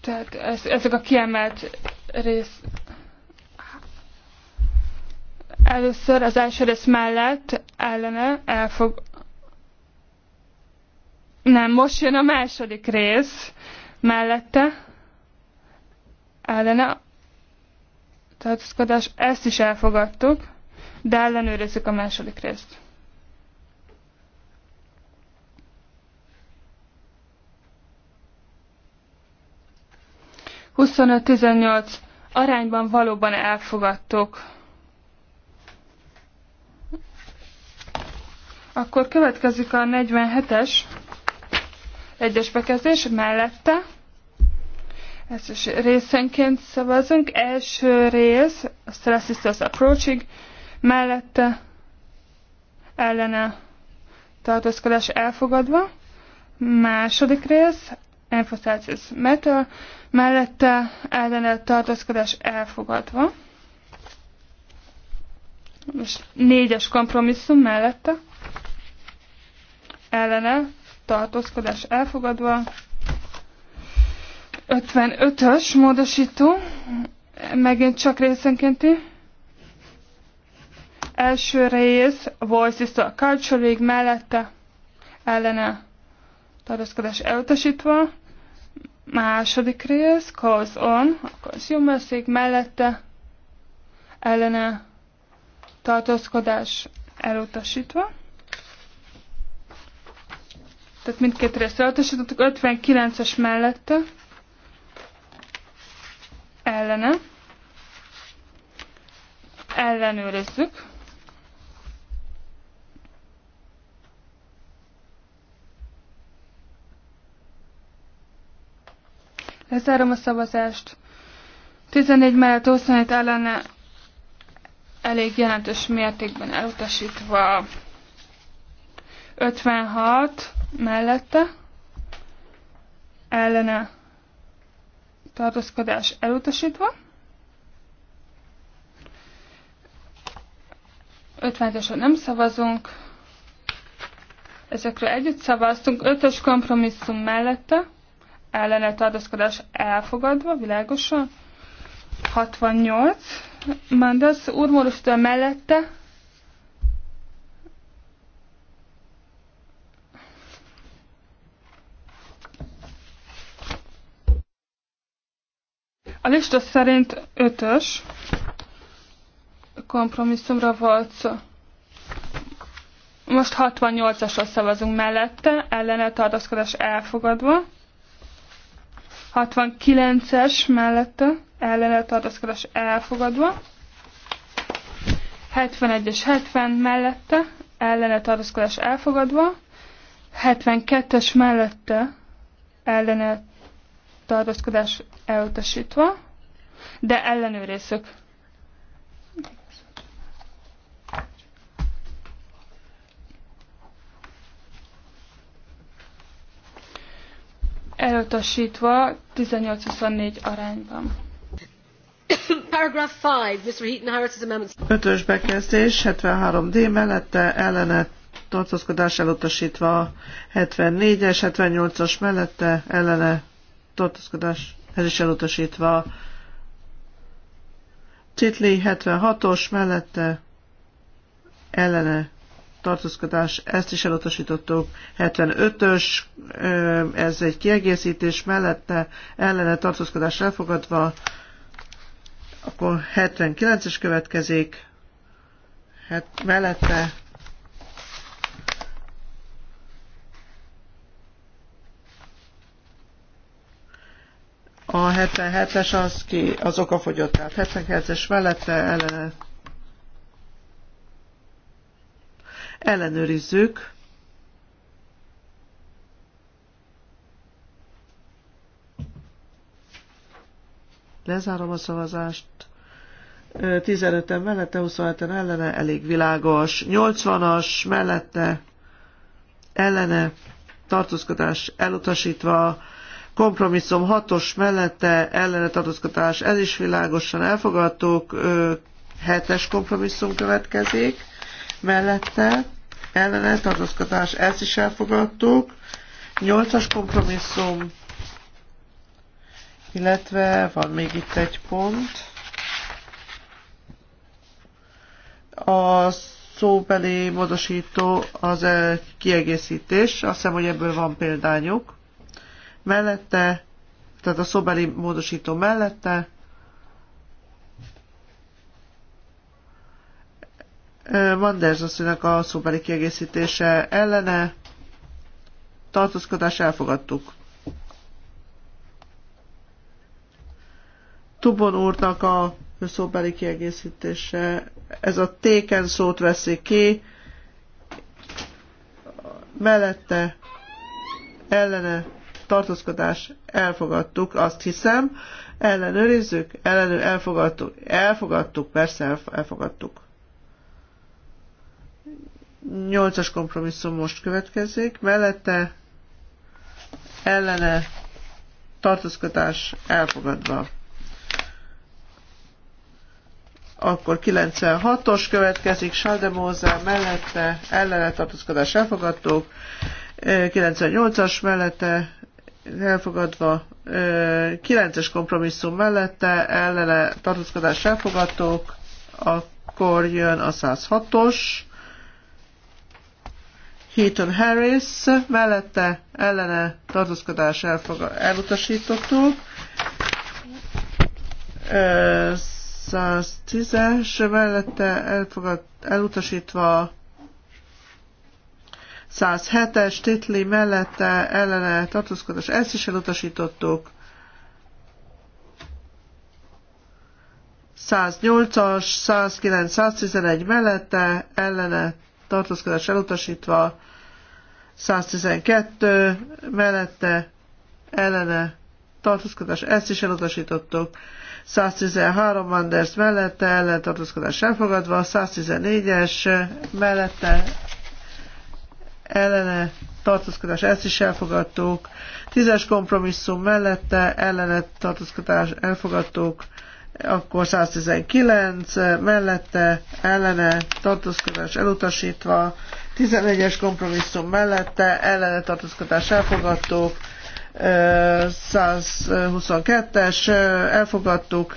[SPEAKER 3] Tehát ez, ezek a kiemelt rész először az első rész mellett ellene elfog... Nem, most jön a második rész mellette ellene tartózkodás, ezt is elfogadtuk, de ellenőrizzük a második részt. 25-18 arányban valóban elfogadtok. Akkor következik a 47-es egyes bekezdés mellette. Ezt is részenként szavazunk. Első rész, a Stress az Approaching, mellette ellene tartózkodás elfogadva. Második rész, emphasizes metal, mellette ellene tartózkodás elfogadva, és négyes kompromisszum mellette ellene tartózkodás elfogadva, 55-ös módosító, megint csak részenkénti, első rész, Voices a Culture League mellette ellene tartózkodás elutasítva, Második rész, cause on, a consumer szék mellette ellene tartózkodás elutasítva. Tehát mindkét részt elutasítottuk, 59-es mellette ellene ellenőrizzük. Lezárom a szavazást. 14 mellett 27 ellene elég jelentős mértékben elutasítva. 56 mellette ellene tartózkodás elutasítva. 57-esről nem szavazunk. Ezekről együtt szavaztunk. 5-ös kompromisszum mellette ellene tartózkodás elfogadva, világosan. 68. Mandasz úr mellette. A lista szerint ötös kompromisszumra volt szó. Most 68-asra szavazunk mellette, ellene tartózkodás elfogadva. 69-es mellette ellene tartaszkodás elfogadva. 71-es 70 mellette ellene tartaszkodás elfogadva. 72-es mellette ellene tartaszkodás elutasítva. De ellenőrizzük. elutasítva 18-24 arányban. Paragraph 5, Mr. Heaton Harris's amendments.
[SPEAKER 2] Ötös bekezdés, 73D mellette ellene tartózkodás elutasítva 74-es, 78-as mellette ellene tartózkodás, ez is elutasítva. Titli 76-os mellette ellene tartózkodás, ezt is elutasítottuk. 75-ös, ez egy kiegészítés mellette, ellene tartózkodás elfogadva, akkor 79-es következik, hát mellette a 77-es az ki, az tehát 79-es mellette ellene ellenőrizzük. Lezárom a szavazást. 15-en mellette, 27-en ellene, elég világos. 80-as mellette, ellene, tartózkodás elutasítva. Kompromisszum 6-os mellette, ellene tartózkodás, ez is világosan elfogadtuk. 7-es kompromisszum következik mellette, ellene tartózkodás, ezt is elfogadtuk. Nyolcas kompromisszum, illetve van még itt egy pont. A szóbeli módosító az kiegészítés, azt hiszem, hogy ebből van példányuk. Mellette, tehát a szóbeli módosító mellette, Manders asszonynak a szóbeli kiegészítése ellene tartózkodás elfogadtuk. Tubon úrnak a szóbeli kiegészítése, ez a téken szót veszi ki, mellette ellene tartózkodás elfogadtuk, azt hiszem, ellenőrizzük, ellenő elfogadtuk, elfogadtuk, persze elfogadtuk. Nyolcas kompromisszum most következik, mellette ellene tartózkodás elfogadva. Akkor 96-os következik, Saldemóze mellette ellene tartózkodás elfogadtuk, 98-as mellette elfogadva, 9-es kompromisszum mellette ellene tartózkodás elfogadtuk, akkor jön a 106-os, Heaton Harris mellette ellene tartózkodás elfog, elutasítottuk. 110-es mellette elfogad, elutasítva 107-es titli mellette ellene tartózkodás, ezt is elutasítottuk. 108-as, 109, 111 mellette ellene tartózkodás elutasítva, 112 mellette ellene tartózkodás, ezt is elutasítottuk. 113 Manders mellette ellen tartózkodás elfogadva, 114-es mellette ellene tartózkodás, ezt is elfogadtuk. 10-es kompromisszum mellette ellene tartózkodás elfogadtuk akkor 119 mellette, ellene, tartózkodás elutasítva, 11-es kompromisszum mellette, ellene tartózkodás elfogadtuk, 122-es elfogadtuk,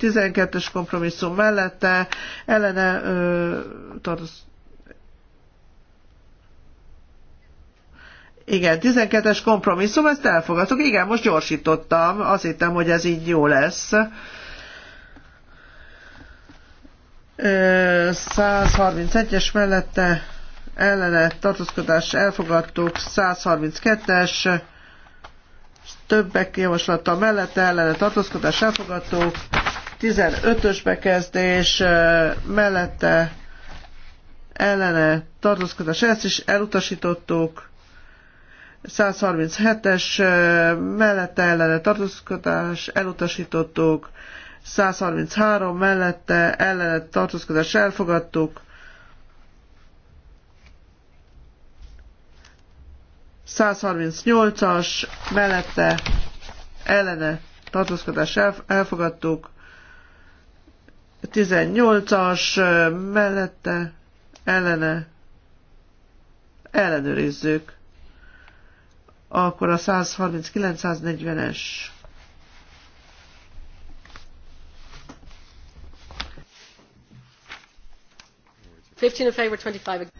[SPEAKER 2] 12-es kompromisszum mellette, ellene tartózkodás Igen, 12-es kompromisszum, ezt elfogadtuk. Igen, most gyorsítottam, azt hittem, hogy ez így jó lesz. 131-es mellette ellene tartózkodás elfogadtuk, 132-es többek javaslata mellette ellene tartózkodás elfogadtuk, 15-ös bekezdés mellette ellene tartózkodás, ezt is elutasítottuk, 137-es mellette ellene tartózkodás, elutasítottuk, 133 mellette ellenet tartózkodás elfogadtuk, 138-as mellette ellene tartózkodás elfogadtuk, 18-as mellette ellene ellenőrizzük, akkor a 139-140-es.
[SPEAKER 3] 15 in 25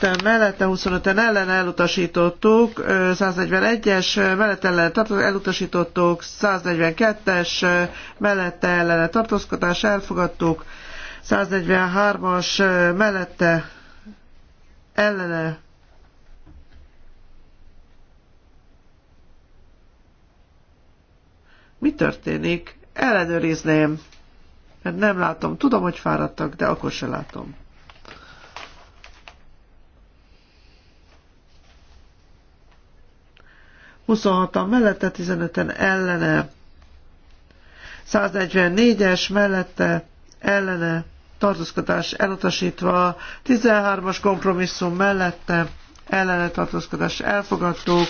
[SPEAKER 2] en mellette, 25-en ellen elutasítottuk, 141-es mellette ellen elutasítottuk, 142-es mellette ellen tartózkodás elfogadtuk, 143-as mellette ellene Mi történik? Ellenőrizném mert hát nem látom. Tudom, hogy fáradtak, de akkor se látom. Huszonhatan mellette, 15-en ellene. 144-es mellette, ellene, tartózkodás elutasítva, 13-as kompromisszum mellette, ellene tartózkodás elfogadtuk,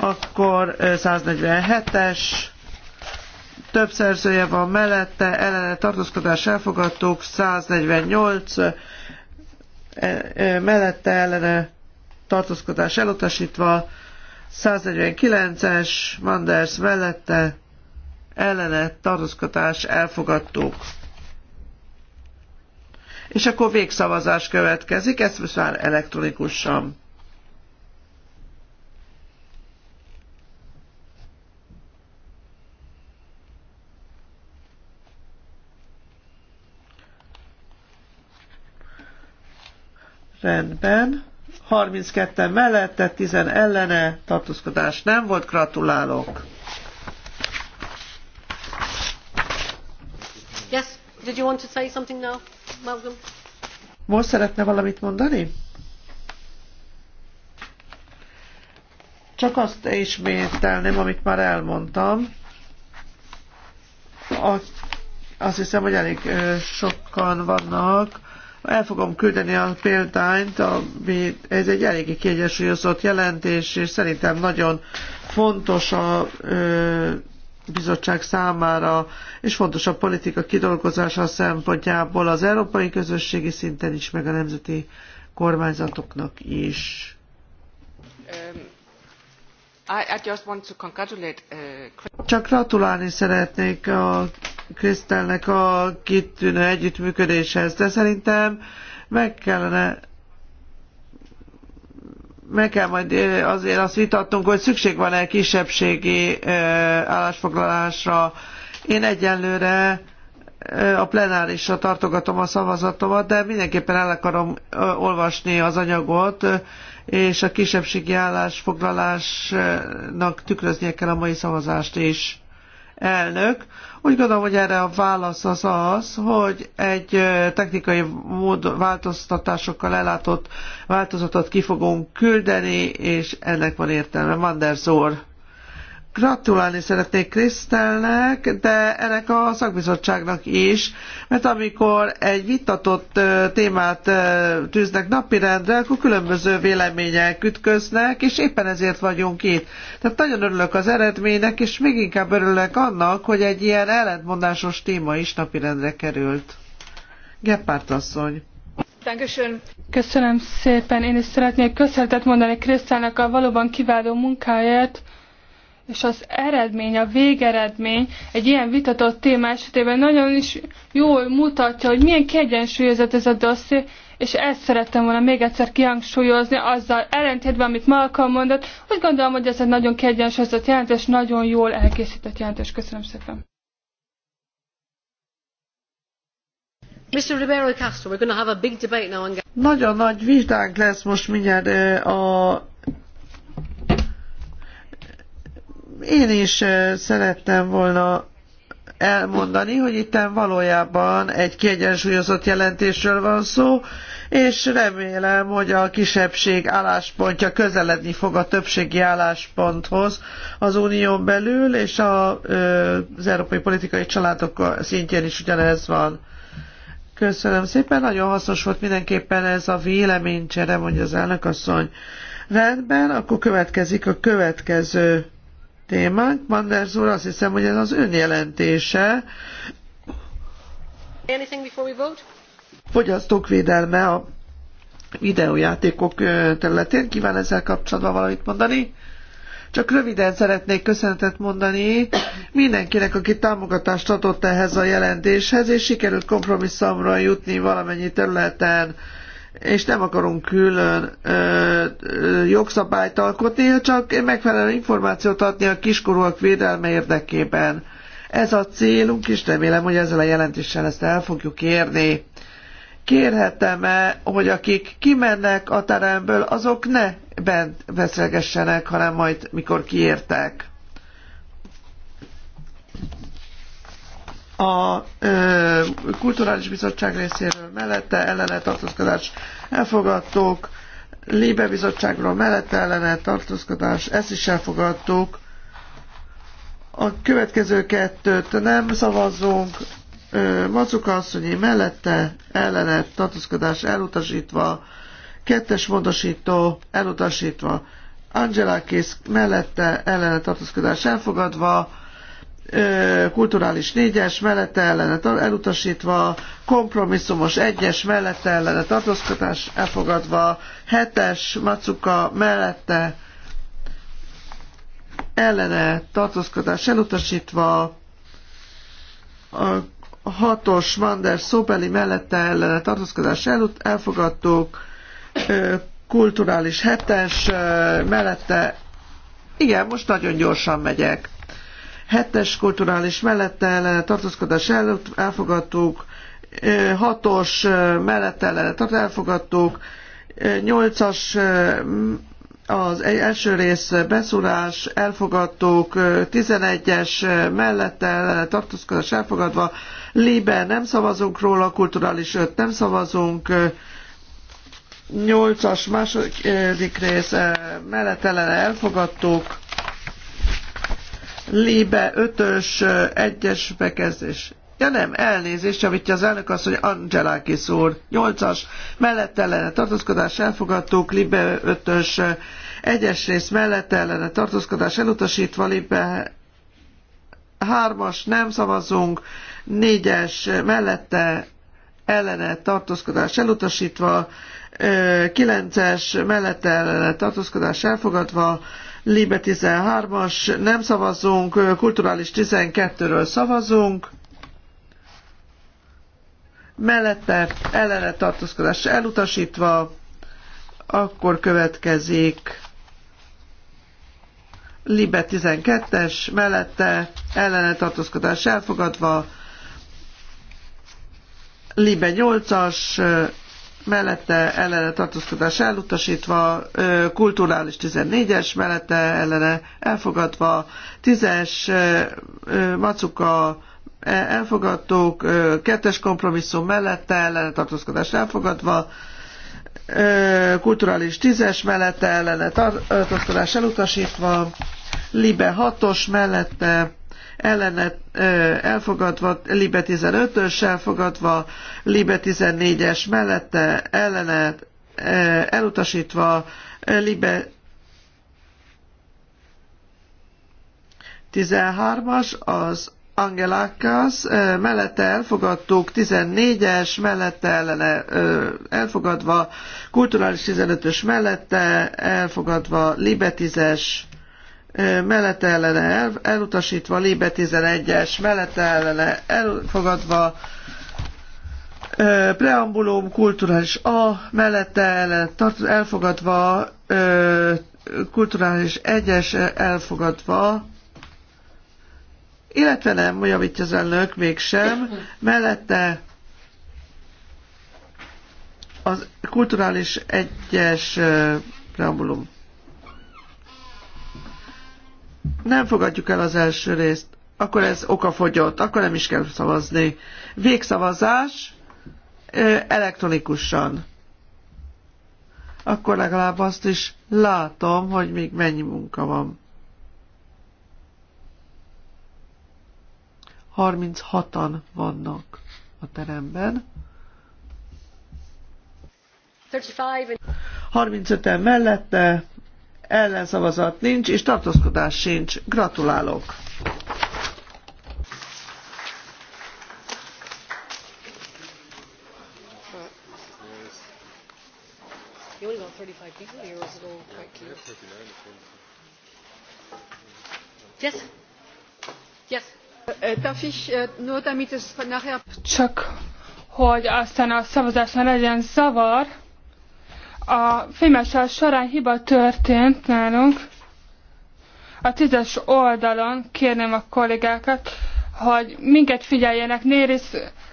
[SPEAKER 2] akkor 147-es eh, több szerzője van mellette, ellene tartózkodás elfogadtuk, 148 e, e, mellette ellene tartózkodás elutasítva, 149-es Manders mellette ellene tartózkodás elfogadtuk. És akkor végszavazás következik, ezt most már elektronikusan. Rendben. 32-en mellette, 10 ellene, tartózkodás nem volt, gratulálok.
[SPEAKER 1] Yes, did you want to say something now, Malcolm?
[SPEAKER 2] Most szeretne valamit mondani? Csak azt ismételném, amit már elmondtam. A, azt hiszem, hogy elég sokan vannak, el fogom küldeni a példányt, ami, ez egy eléggé kiegyensúlyozott jelentés, és szerintem nagyon fontos a ö, bizottság számára, és fontos a politika kidolgozása szempontjából az európai közösségi szinten is, meg a nemzeti kormányzatoknak is. Um, uh, Csak gratulálni szeretnék a Krisztelnek a kitűnő együttműködéshez, de szerintem meg kellene meg kell majd azért azt vitattunk, hogy szükség van-e kisebbségi állásfoglalásra. Én egyenlőre a plenárisra tartogatom a szavazatomat, de mindenképpen el akarom olvasni az anyagot, és a kisebbségi állásfoglalásnak tükröznie kell a mai szavazást is elnök. Úgy gondolom, hogy erre a válasz az az, hogy egy technikai mód változtatásokkal ellátott változatot ki fogunk küldeni, és ennek van értelme. Manders Gratulálni szeretnék Krisztelnek, de ennek a szakbizottságnak is, mert amikor egy vitatott témát tűznek napirendre, akkor különböző vélemények ütköznek, és éppen ezért vagyunk itt. Tehát nagyon örülök az eredménynek, és még inkább örülök annak, hogy egy ilyen ellentmondásos téma is napirendre került. Gepárt asszony.
[SPEAKER 3] Köszönöm. Köszönöm szépen. Én is szeretnék köszönetet mondani Krisztának a valóban kiváló munkáját és az eredmény, a végeredmény egy ilyen vitatott téma esetében nagyon is jól mutatja, hogy milyen kiegyensúlyozott ez a dosszé, és ezt szerettem volna még egyszer kihangsúlyozni, azzal ellentétben, amit Malcolm mondott, úgy gondolom, hogy ez egy nagyon kiegyensúlyozott jelentés, nagyon jól elkészített jelentés. Köszönöm szépen.
[SPEAKER 1] Mr. Castro, we're going to have a big debate now
[SPEAKER 3] Nagyon nagy vitánk
[SPEAKER 2] lesz most mindjárt a Én is eh, szerettem volna elmondani, hogy itt valójában egy kiegyensúlyozott jelentésről van szó, és remélem, hogy a kisebbség álláspontja közeledni fog a többségi állásponthoz az unión belül, és a, az európai politikai családok szintjén is ugyanez van. Köszönöm szépen, nagyon hasznos volt mindenképpen ez a véleménycsere, mondja az elnökasszony. Rendben, akkor következik a következő témánk. Manders úr, azt hiszem, hogy ez az önjelentése. Anything before we vote? Fogyasztók védelme a videójátékok területén. Kíván ezzel kapcsolatban valamit mondani? Csak röviden szeretnék köszönetet mondani mindenkinek, aki támogatást adott ehhez a jelentéshez, és sikerült kompromisszumra jutni valamennyi területen és nem akarunk külön ö, ö, jogszabályt alkotni, csak megfelelő információt adni a kiskorúak védelme érdekében. Ez a célunk, és remélem, hogy ezzel a jelentéssel ezt el fogjuk érni. Kérhetem-e, hogy akik kimennek a teremből, azok ne bent beszélgessenek, hanem majd mikor kiértek? a ö, Kulturális Bizottság részéről mellette ellene tartózkodás elfogadtuk, Libe Bizottságról mellette ellene tartózkodás, ezt is elfogadtuk. A következő kettőt nem szavazunk, ö, Mazuka asszonyi mellette ellene tartózkodás elutasítva, kettes módosító elutasítva, Angela mellette ellene tartózkodás elfogadva, kulturális négyes mellette ellene elutasítva, kompromisszumos egyes mellette ellene tartózkodás elfogadva, hetes macuka mellette ellene tartózkodás elutasítva, a hatos Manders szóbeli mellette ellene tartózkodás elut elfogadtuk, kulturális hetes mellette, igen, most nagyon gyorsan megyek Hetes kulturális mellette ellene tartózkodás előtt elfogadtuk. Hatos mellette ellene tart elfogadtuk. Nyolcas az első rész beszúrás, elfogadtuk, 11-es mellette tartózkodás elfogadva, Libe nem szavazunk róla, kulturális öt nem szavazunk, 8-as második rész mellette elfogadtuk, Libe 5-ös 1-es bekezdés. Ja nem, elnézést, javítja az elnök azt, hogy Angelákis úr, 8-as, tartózkodás elfogadtuk, Libe 5-ös, 1-es rész mellett tartózkodás elutasítva, Libe 3-as, nem szavazunk, 4-es mellette ellene tartózkodás elutasítva, 9-es mellette ellene tartózkodás elfogadva, Libe 13-as, nem szavazunk, kulturális 12-ről szavazunk. Mellette ellene tartózkodás elutasítva, akkor következik Libe 12-es, mellette ellene tartózkodás elfogadva, Libe 8-as, mellette ellene tartózkodás elutasítva, kulturális 14-es, mellette ellene elfogadva, 10-es macuka e, elfogadtók, kettes kompromisszum mellette ellene tartózkodás elfogadva, kulturális 10-es mellette ellene tartózkodás elutasítva, libe 6-os mellette ellene elfogadva, Libe 15-ös elfogadva, Libe 14-es mellette ellene elutasítva, Libe 13-as az Angelakas, mellette elfogadtuk, 14-es, mellette ellene elfogadva, kulturális 15-ös mellette elfogadva, Libe 10-es, mellette ellene el, elutasítva, Libe 11-es, mellette ellene elfogadva, preambulum kulturális A, mellette ellene elfogadva, kulturális egyes e, elfogadva, illetve nem javítja az elnök mégsem, mellette az kulturális egyes preambulum nem fogadjuk el az első részt. Akkor ez okafogyott, akkor nem is kell szavazni. Végszavazás elektronikusan. Akkor legalább azt is látom, hogy még mennyi munka van. 36-an vannak a teremben. 35-en mellette, ellenszavazat nincs, és tartózkodás sincs. Gratulálok!
[SPEAKER 3] Yes. Yes. Csak hogy aztán a szavazáson legyen zavar, a filmesel során hiba történt nálunk. A tízes oldalon kérném a kollégákat, hogy minket figyeljenek, Néris,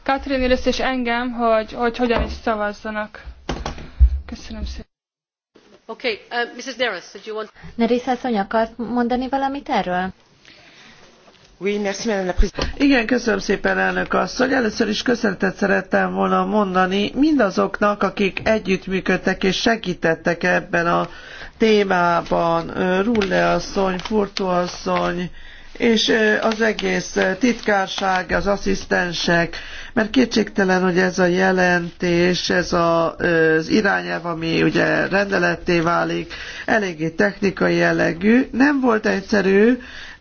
[SPEAKER 3] Katrin Néris és engem, hogy, hogy hogyan is szavazzanak. Köszönöm szépen.
[SPEAKER 1] Okay, uh, Mrs. Neris, did you want...
[SPEAKER 3] Neris asszony akart mondani valamit erről?
[SPEAKER 2] Igen, köszönöm szépen, Először is köszönetet szerettem volna mondani mindazoknak, akik együttműködtek és segítettek ebben a témában. Rulle asszony, Furtó asszony, és az egész titkárság, az asszisztensek, mert kétségtelen, hogy ez a jelentés, ez a, az irányelv, ami ugye rendeletté válik, eléggé technikai jellegű, nem volt egyszerű,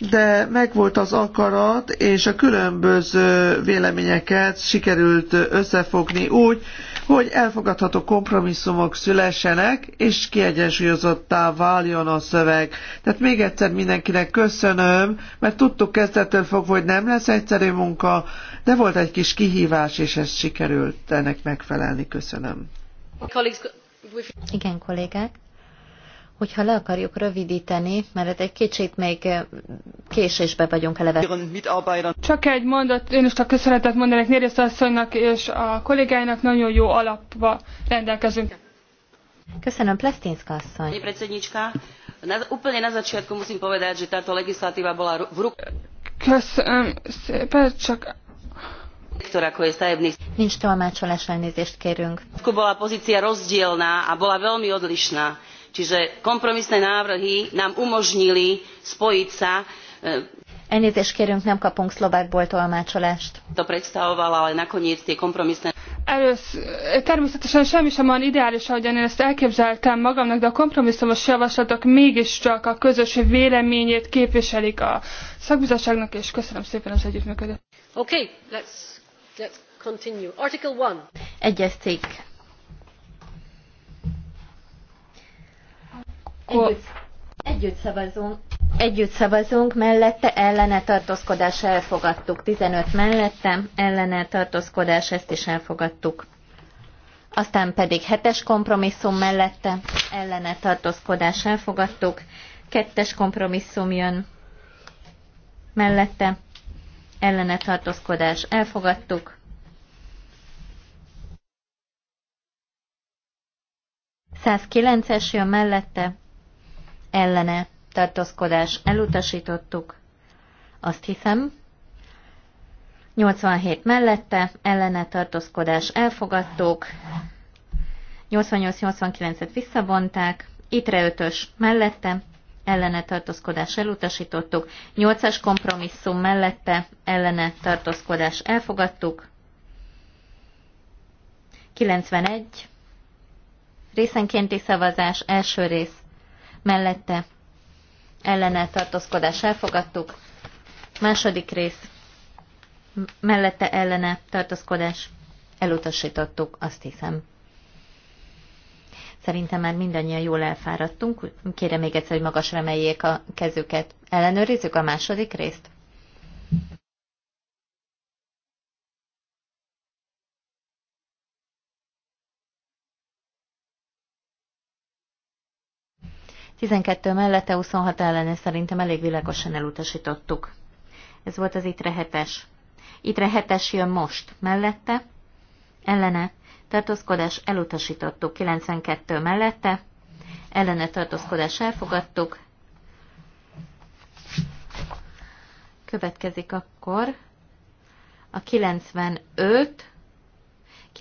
[SPEAKER 2] de megvolt az akarat, és a különböző véleményeket sikerült összefogni úgy, hogy elfogadható kompromisszumok szülessenek, és kiegyensúlyozottá váljon a szöveg. Tehát még egyszer mindenkinek köszönöm, mert tudtuk kezdettől fogva, hogy nem lesz egyszerű munka, de volt egy kis kihívás, és ez sikerült ennek megfelelni. Köszönöm. Igen,
[SPEAKER 1] kollégák hogyha le akarjuk rövidíteni, mert egy kicsit még eh, késésbe vagyunk eleve.
[SPEAKER 3] Csak egy mondat, én is csak köszönetet mondanék Nérész asszonynak és a kollégáinak nagyon jó alapba rendelkezünk. Köszönöm, Plesztinszka asszony. Köszönöm szépen, csak
[SPEAKER 1] Nincs tolmácsolás, elnézést kérünk.
[SPEAKER 2] Bola pozícia rozdielná a bola veľmi odlišná Čiže kompromisné návrhy nám umožnili spojiť sa e,
[SPEAKER 1] Elnézést kérünk, nem kapunk szlovákból tolmácsolást.
[SPEAKER 3] To predstavovala, ale nakoniec tie kompromisné... E, természetesen semmi sem olyan ideális, ahogy én ezt elképzeltem magamnak, de a kompromisszumos javaslatok mégiscsak a közös véleményét képviselik a szakbizottságnak, és köszönöm szépen az együttműködést.
[SPEAKER 2] Okay, let's, let's continue. Article 1.
[SPEAKER 3] Egyes cikk. akkor együtt,
[SPEAKER 1] együtt szavazunk. Együtt szavazunk, mellette ellene tartózkodás elfogadtuk. 15 mellette ellene tartózkodás, ezt is elfogadtuk. Aztán pedig hetes kompromisszum mellette ellene tartózkodás elfogadtuk. Kettes kompromisszum jön mellette ellene tartózkodás elfogadtuk. 109-es jön mellette, ellene tartózkodás elutasítottuk, azt hiszem. 87 mellette ellene tartózkodás elfogadtuk, 88-89-et visszavonták, itre 5-ös mellette ellene tartózkodás elutasítottuk, 8-as kompromisszum mellette ellene tartózkodás elfogadtuk, 91 részenkénti szavazás első rész mellette ellene tartózkodás elfogadtuk. Második rész mellette ellene tartózkodás elutasítottuk, azt hiszem. Szerintem már mindannyian jól elfáradtunk. Kérem még egyszer, hogy magasra emeljék a kezüket. Ellenőrizzük a második részt. 12 mellette 26 ellene szerintem elég világosan elutasítottuk. Ez volt az itre hetes. Itre hetes jön most. Mellette? Ellene. Tartózkodás elutasítottuk. 92 mellette. Ellene tartózkodás elfogadtuk. Következik akkor a 95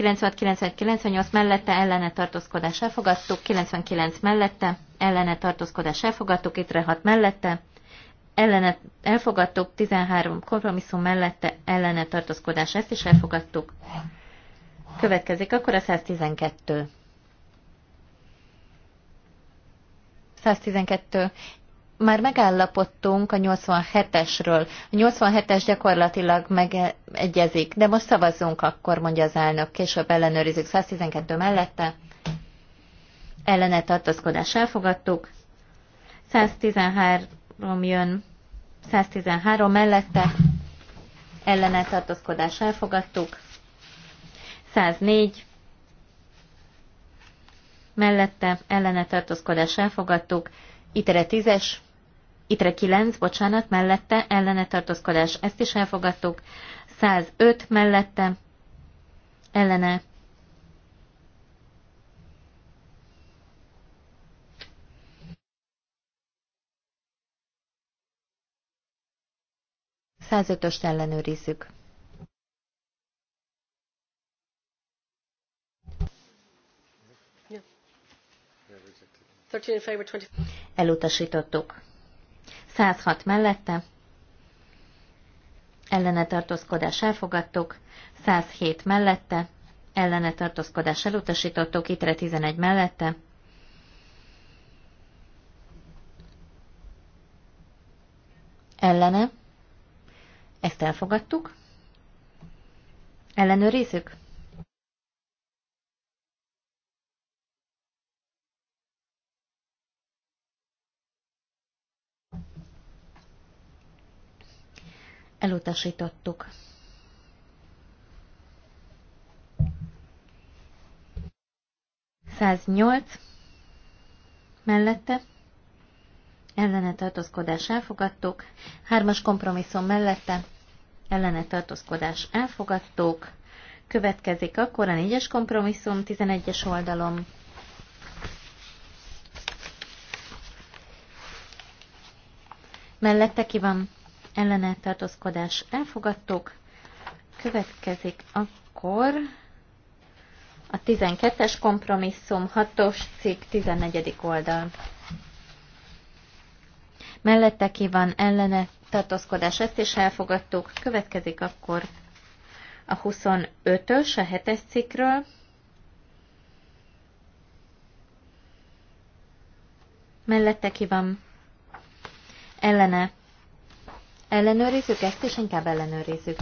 [SPEAKER 1] 96 98 mellette ellene tartózkodás elfogadtuk, 99 mellette ellene tartózkodás elfogadtuk, ittre mellette ellene elfogadtuk, 13 kompromisszum mellette ellene tartózkodás, ezt is elfogadtuk. Következik akkor a 112. 112 már megállapodtunk a 87-esről. A 87-es gyakorlatilag megegyezik, de most szavazzunk akkor, mondja az elnök. Később ellenőrizzük 112 mellette. Ellene tartozkodás elfogadtuk. 113 jön, 113 mellette. Ellene tartozkodás elfogadtuk. 104 mellette ellene tartózkodás elfogadtuk. Itere 10-es Itre 9, bocsánat, mellette ellene tartózkodás, ezt is elfogadtuk. 105 mellette ellene Százötöst ellenőrizzük. Elutasítottuk. 106 mellette, ellene tartózkodás elfogadtuk, 107 mellette, ellene tartózkodás elutasítottuk, itre 11 mellette, ellene, ezt elfogadtuk, ellenőrizzük. Elutasítottuk. Száznyolc mellette ellene tartózkodás elfogadtuk, hármas kompromisszum mellette ellene tartózkodás elfogadtuk, következik akkor a négyes kompromisszum 11-es oldalom. Mellette ki van? ellene tartózkodás elfogadtuk. Következik akkor a 12-es kompromisszum, 6-os cikk, 14. oldal. Mellette ki van ellene tartózkodás, ezt is elfogadtuk. Következik akkor a 25-ös, a 7-es cikkről. Mellette ki van ellene Ellenőrizzük ezt, és inkább ellenőrizzük.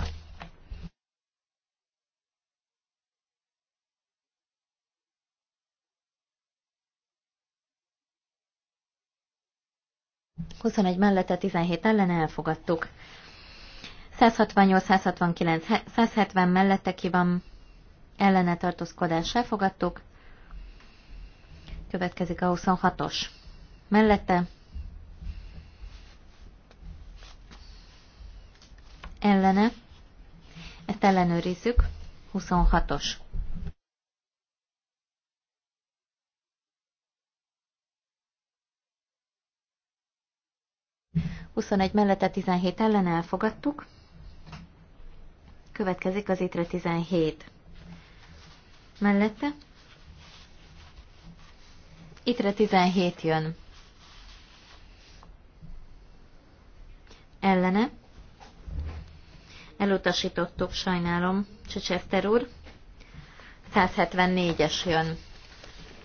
[SPEAKER 1] egy mellette 17 ellen elfogadtuk. 168, 169, 170 mellette ki van ellene tartózkodás elfogadtuk. Következik a 26-os. Mellette ellene, ezt ellenőrizzük, 26-os. Huszonegy mellette 17 ellen elfogadtuk. Következik az étre 17. Mellette. Itre 17 jön. Ellene. Elutasítottuk, sajnálom, Csecseszter úr. 174-es jön.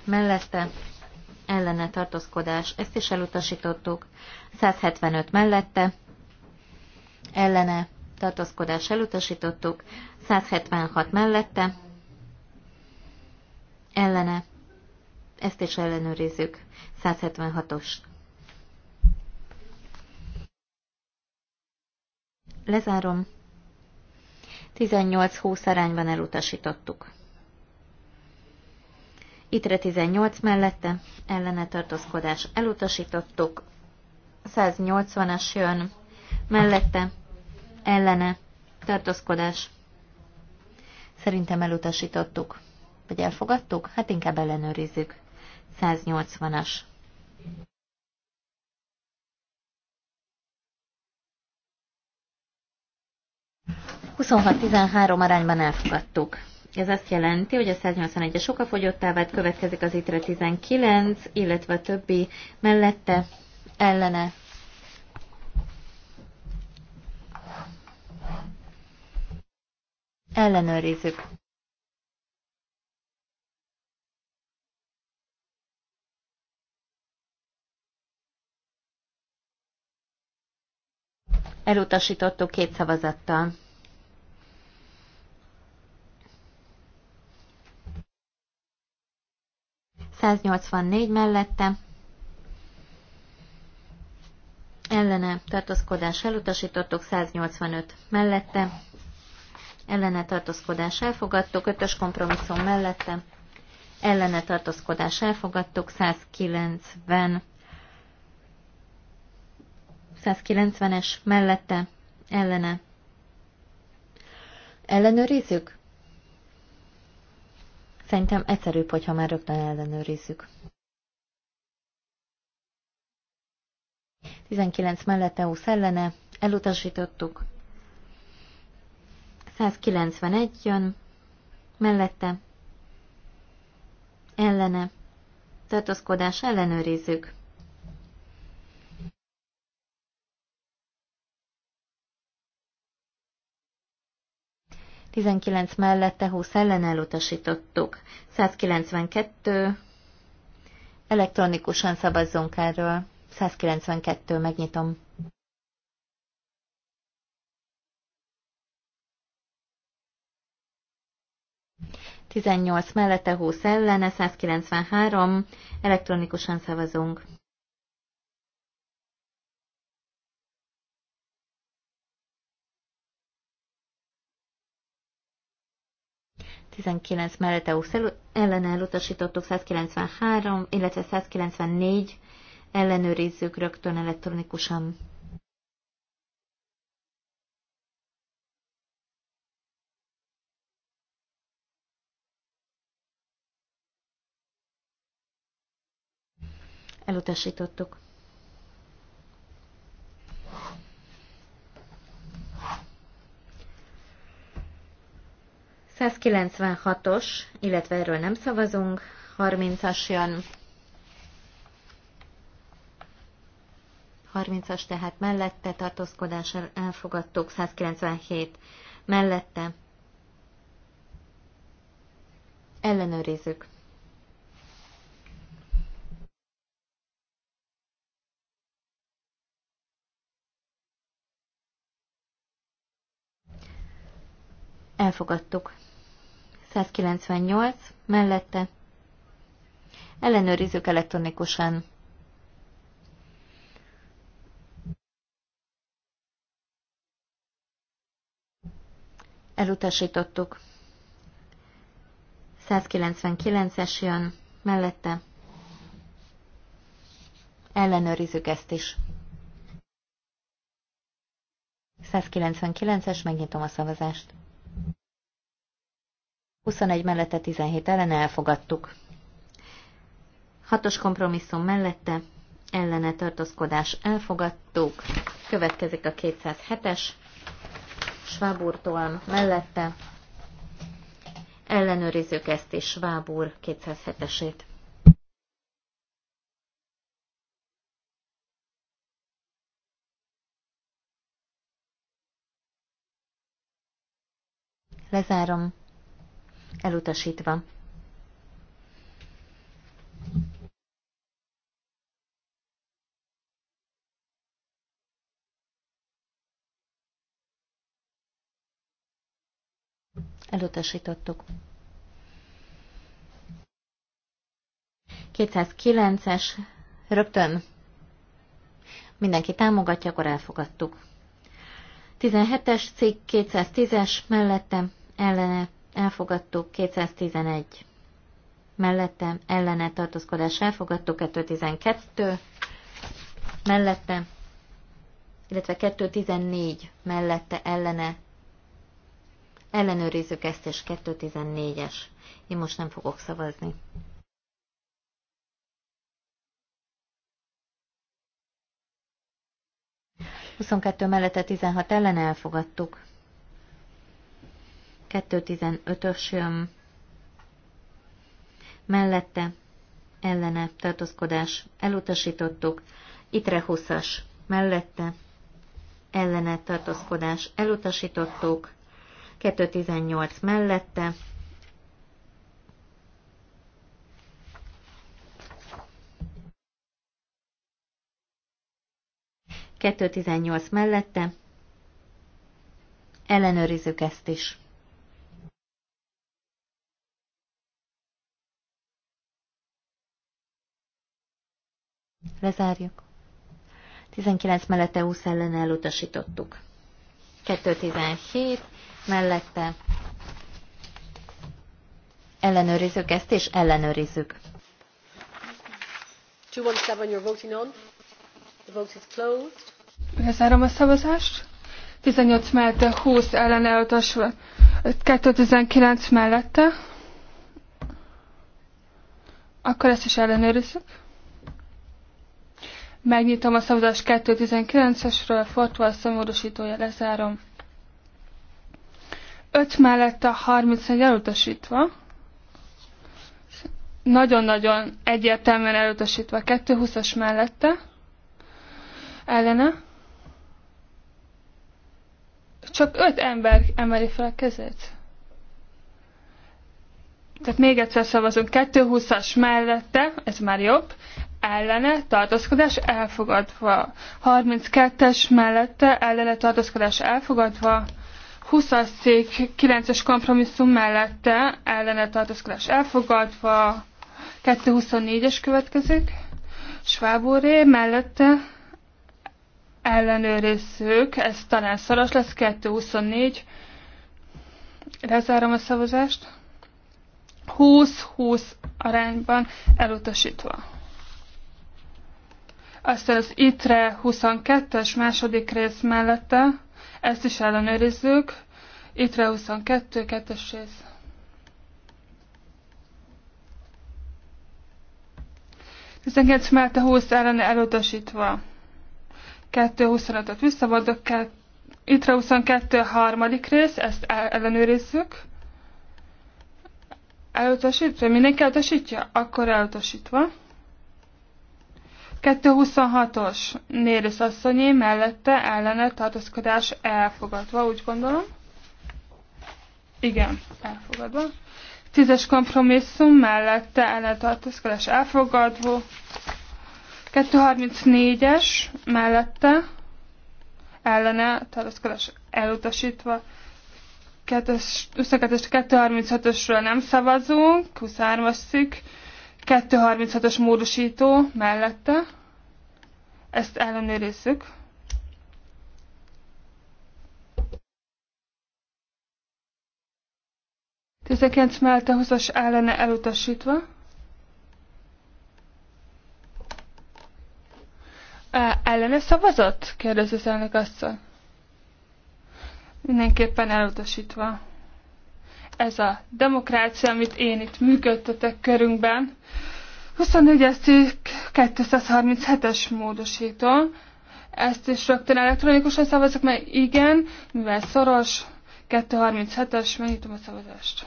[SPEAKER 1] Mellette ellene tartózkodás, ezt is elutasítottuk. 175 mellette ellene tartózkodás elutasítottuk. 176 mellette ellene, ezt is ellenőrizzük. 176-os. Lezárom. 18-20 arányban elutasítottuk. Itre 18 mellette ellene tartózkodás elutasítottuk, 180-as jön mellette ellene tartózkodás. Szerintem elutasítottuk. Vagy elfogadtuk? Hát inkább ellenőrizzük. 180-as. 26-13 arányban elfogadtuk. Ez azt jelenti, hogy a 181-es sokkal fogyottá vált, következik az ITRE 19, illetve a többi mellette ellene. Ellenőrizzük. Elutasítottuk két szavazattal. 184 mellette ellene tartózkodás elutasítottuk, 185 mellette ellene tartózkodás elfogadtuk, 5-ös kompromisszum mellette ellene tartózkodás elfogadtuk, 190 190-es mellette ellene. Ellenőrizzük? Szerintem egyszerűbb, hogyha már rögtön ellenőrizzük. 19 mellette EU szellene, elutasítottuk. 191 jön, mellette, ellene, tartózkodás ellenőrizzük. 19 mellette 20 ellen elutasítottuk. 192 elektronikusan szavazzunk erről. 192 megnyitom. Tizennyolc mellette 20 ellene, 193, elektronikusan szavazunk. 19 mellett EU ellen elutasítottuk 193, illetve 194 ellenőrizzük rögtön elektronikusan. Elutasítottuk. 196-os, illetve erről nem szavazunk, 30-as jön. 30-as tehát mellette, tartózkodásra elfogadtuk, 197 mellette. Ellenőrizzük. Elfogadtuk. 198 mellette. Ellenőrizzük elektronikusan. Elutasítottuk. 199-es jön mellette. Ellenőrizzük ezt is. 199-es, megnyitom a szavazást. 21 mellette 17 ellen elfogadtuk. Hatos kompromisszum mellette ellene tartózkodás elfogadtuk. Következik a 207-es Schwaburtól mellette. Ellenőrizzük ezt is Schwabur 207-esét. Lezárom elutasítva. Elutasítottuk. 209-es, rögtön mindenki támogatja, akkor elfogadtuk. 17-es cikk, 210-es mellette, ellene elfogadtuk 211 mellettem, ellene tartózkodás elfogadtuk 212 mellette, illetve 214 mellette ellene ellenőrizzük ezt, és 214-es. Én most nem fogok szavazni. Huszonkettő mellette 16 ellen elfogadtuk. 215-ös mellette ellene tartózkodás elutasítottuk, itre 20-as mellette ellene tartózkodás elutasítottuk, 218 mellette Kettő mellette ellenőrizzük ezt is. Lezárjuk. 19 mellette 20 ellen elutasítottuk. 217 mellette ellenőrizzük ezt, és ellenőrizzük.
[SPEAKER 3] 217, you're voting on. The vote is closed. Lezárom a szavazást. 18 mellette, 20 ellen elutasva, 219 mellette. Akkor ezt is ellenőrizzük. Megnyitom a szavazás 2.19-esről, a szomorúsítója lezárom. 5 mellett a 31 elutasítva. Nagyon-nagyon egyértelműen elutasítva. 2.20-as mellette. Ellene. Csak 5 ember emeli fel a kezét. Tehát még egyszer szavazunk. 2.20-as mellette, ez már jobb ellene tartózkodás elfogadva. 32-es mellette ellene tartózkodás elfogadva. 20-as szék 9-es kompromisszum mellette ellene tartózkodás elfogadva. 224-es következik. Sváboré mellette ellenőrizzük, ez talán szoros lesz, 224. Lezárom a szavazást. 20-20 arányban elutasítva. Aztán az ITRE 22-es második rész mellette, ezt is ellenőrizzük. ITRE 22, 2-es rész. Tizenkilenc mellette 20 ellen elutasítva. 2.25-öt visszavadok, ITRE 22 harmadik rész, ezt ellenőrizzük. Elutasítva, mindenki elutasítja? Akkor elutasítva. 226-os Néris asszonyé mellette ellene tartózkodás elfogadva, úgy gondolom. Igen, elfogadva. Tízes kompromisszum mellette ellene tartózkodás elfogadva. 234-es mellette ellene tartózkodás elutasítva. 22-es 236-osról nem szavazunk, 23-as szik 236-os módosító mellette. Ezt ellenőrizzük. Tizenkilenc mellette 20-as ellene elutasítva. Ellene szavazott? kérdezi az elnök asszony. Mindenképpen elutasítva ez a demokrácia, amit én itt működtetek körünkben. 24 237-es módosító. Ezt is rögtön elektronikusan szavazok, mert igen, mivel szoros, 237-es, megnyitom a szavazást.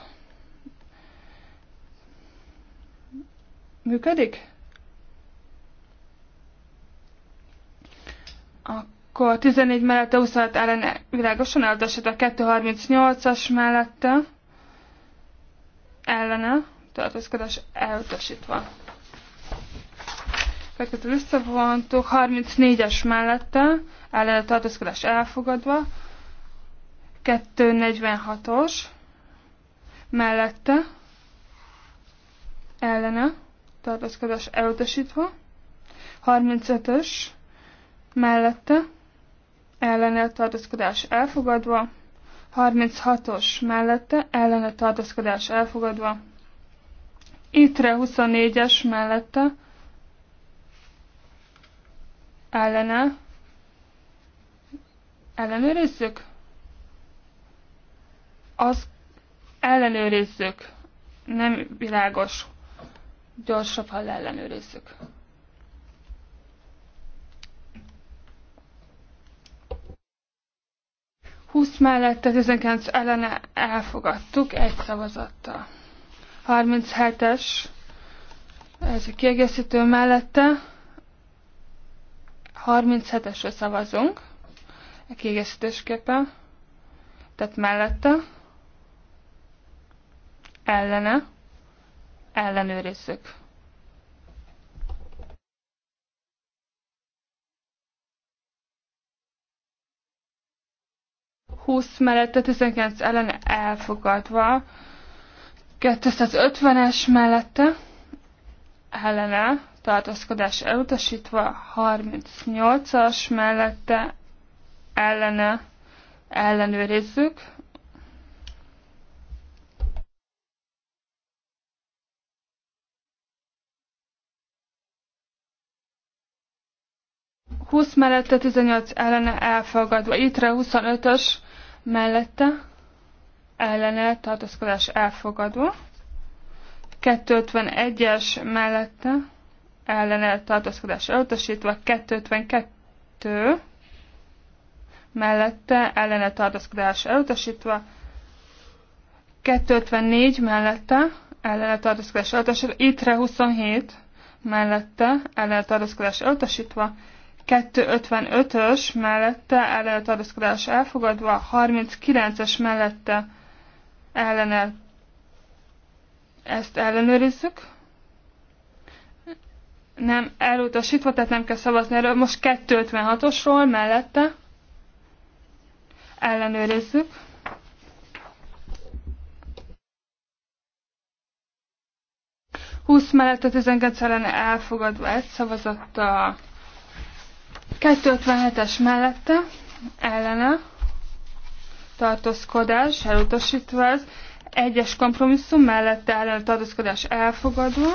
[SPEAKER 3] Működik? Akkor 14 mellette 26 ellen világosan eldösít a 238-as mellette ellene tartózkodás elutasítva. Következő visszavontuk 34-es mellette ellene tartózkodás elfogadva, 246-os mellette ellene tartózkodás elutasítva, 35-ös mellette ellene tartózkodás elfogadva, 36-os mellette ellene tartózkodás elfogadva. Itre 24-es mellette ellene ellenőrizzük? Az ellenőrizzük. Nem világos. Gyorsabban ellenőrizzük. 20 mellette, 19 ellene elfogadtuk egy szavazattal. 37-es, ez a kiegészítő mellette, 37-esre szavazunk, a kiegészítésképpen, tehát mellette, ellene, ellenőrizzük. 20 mellette 19 ellen elfogadva, 250-es mellette ellene tartózkodás elutasítva, 38-as mellette ellene ellenőrizzük. Húsz mellette 18 ellene elfogadva. Ittre 25-ös mellette ellene tartózkodás elfogadva, 251-es mellette ellene tartózkodás elutasítva, 252 mellette ellene tartózkodás elutasítva, 254 mellette ellene tartózkodás elutasítva, ittre 27 mellette ellene tartózkodás elutasítva, 255-ös mellette ellene elfogadva, 39-es mellette ellene ezt ellenőrizzük. Nem elutasítva, tehát nem kell szavazni erről. Most 256-osról mellette ellenőrizzük. Húsz mellett a 12 ellen elfogadva egy szavazattal. 257-es mellette ellene tartózkodás elutasítva ez, egyes kompromisszum mellette ellene tartózkodás elfogadva,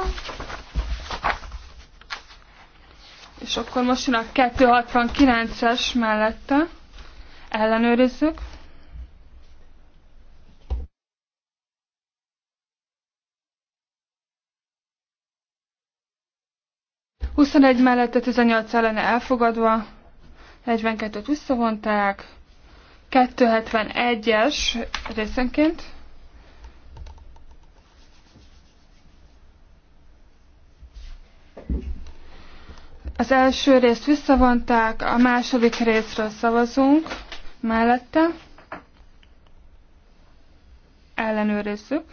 [SPEAKER 3] és akkor most jön a 269-es mellette, ellenőrizzük. 21 mellette 18 ellene elfogadva, 42-t visszavonták, 271-es részenként. Az első részt visszavonták, a második részről szavazunk mellette. Ellenőrizzük.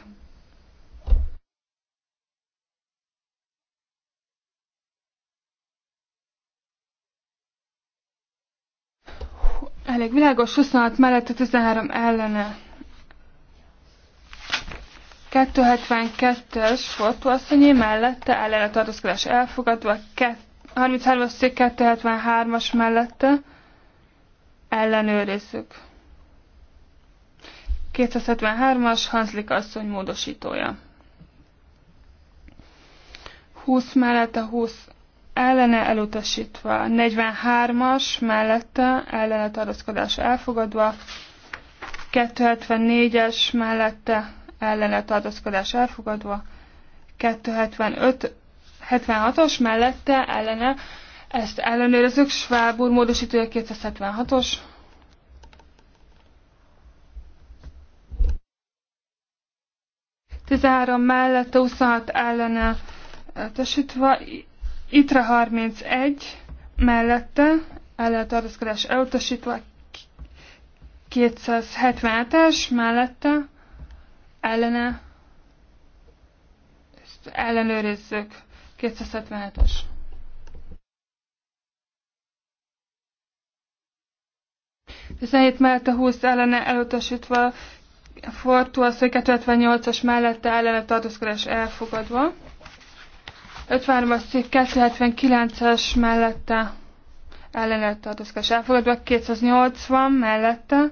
[SPEAKER 3] elég világos, 26 mellett a 13 ellene. 272-es fotóasszonyé mellette ellene tartózkodás elfogadva, 33-as szék 273-as mellette ellenőrizzük. 273-as Hanslik asszony módosítója. 20 mellette 20 ellene elutasítva, 43-as mellette ellene tartózkodás elfogadva, 274-es mellette ellene tartózkodás elfogadva, 275 76-os mellette ellene, ezt ellenőrözök, Schwab úr módosítója 276-os. Tizenhárom mellette, 26 ellene tesítve, Itra 31 mellette ellentartózkodás elutasítva 277-es mellette ellene ezt ellenőrizzük 277-es. Tizenhét mellette 20 ellene elutasítva, fordul az, hogy 278-as mellette ellene tartózkodás elfogadva. 53-as cikk 279-es mellette ellene tartózkodás elfogadva, 280 mellette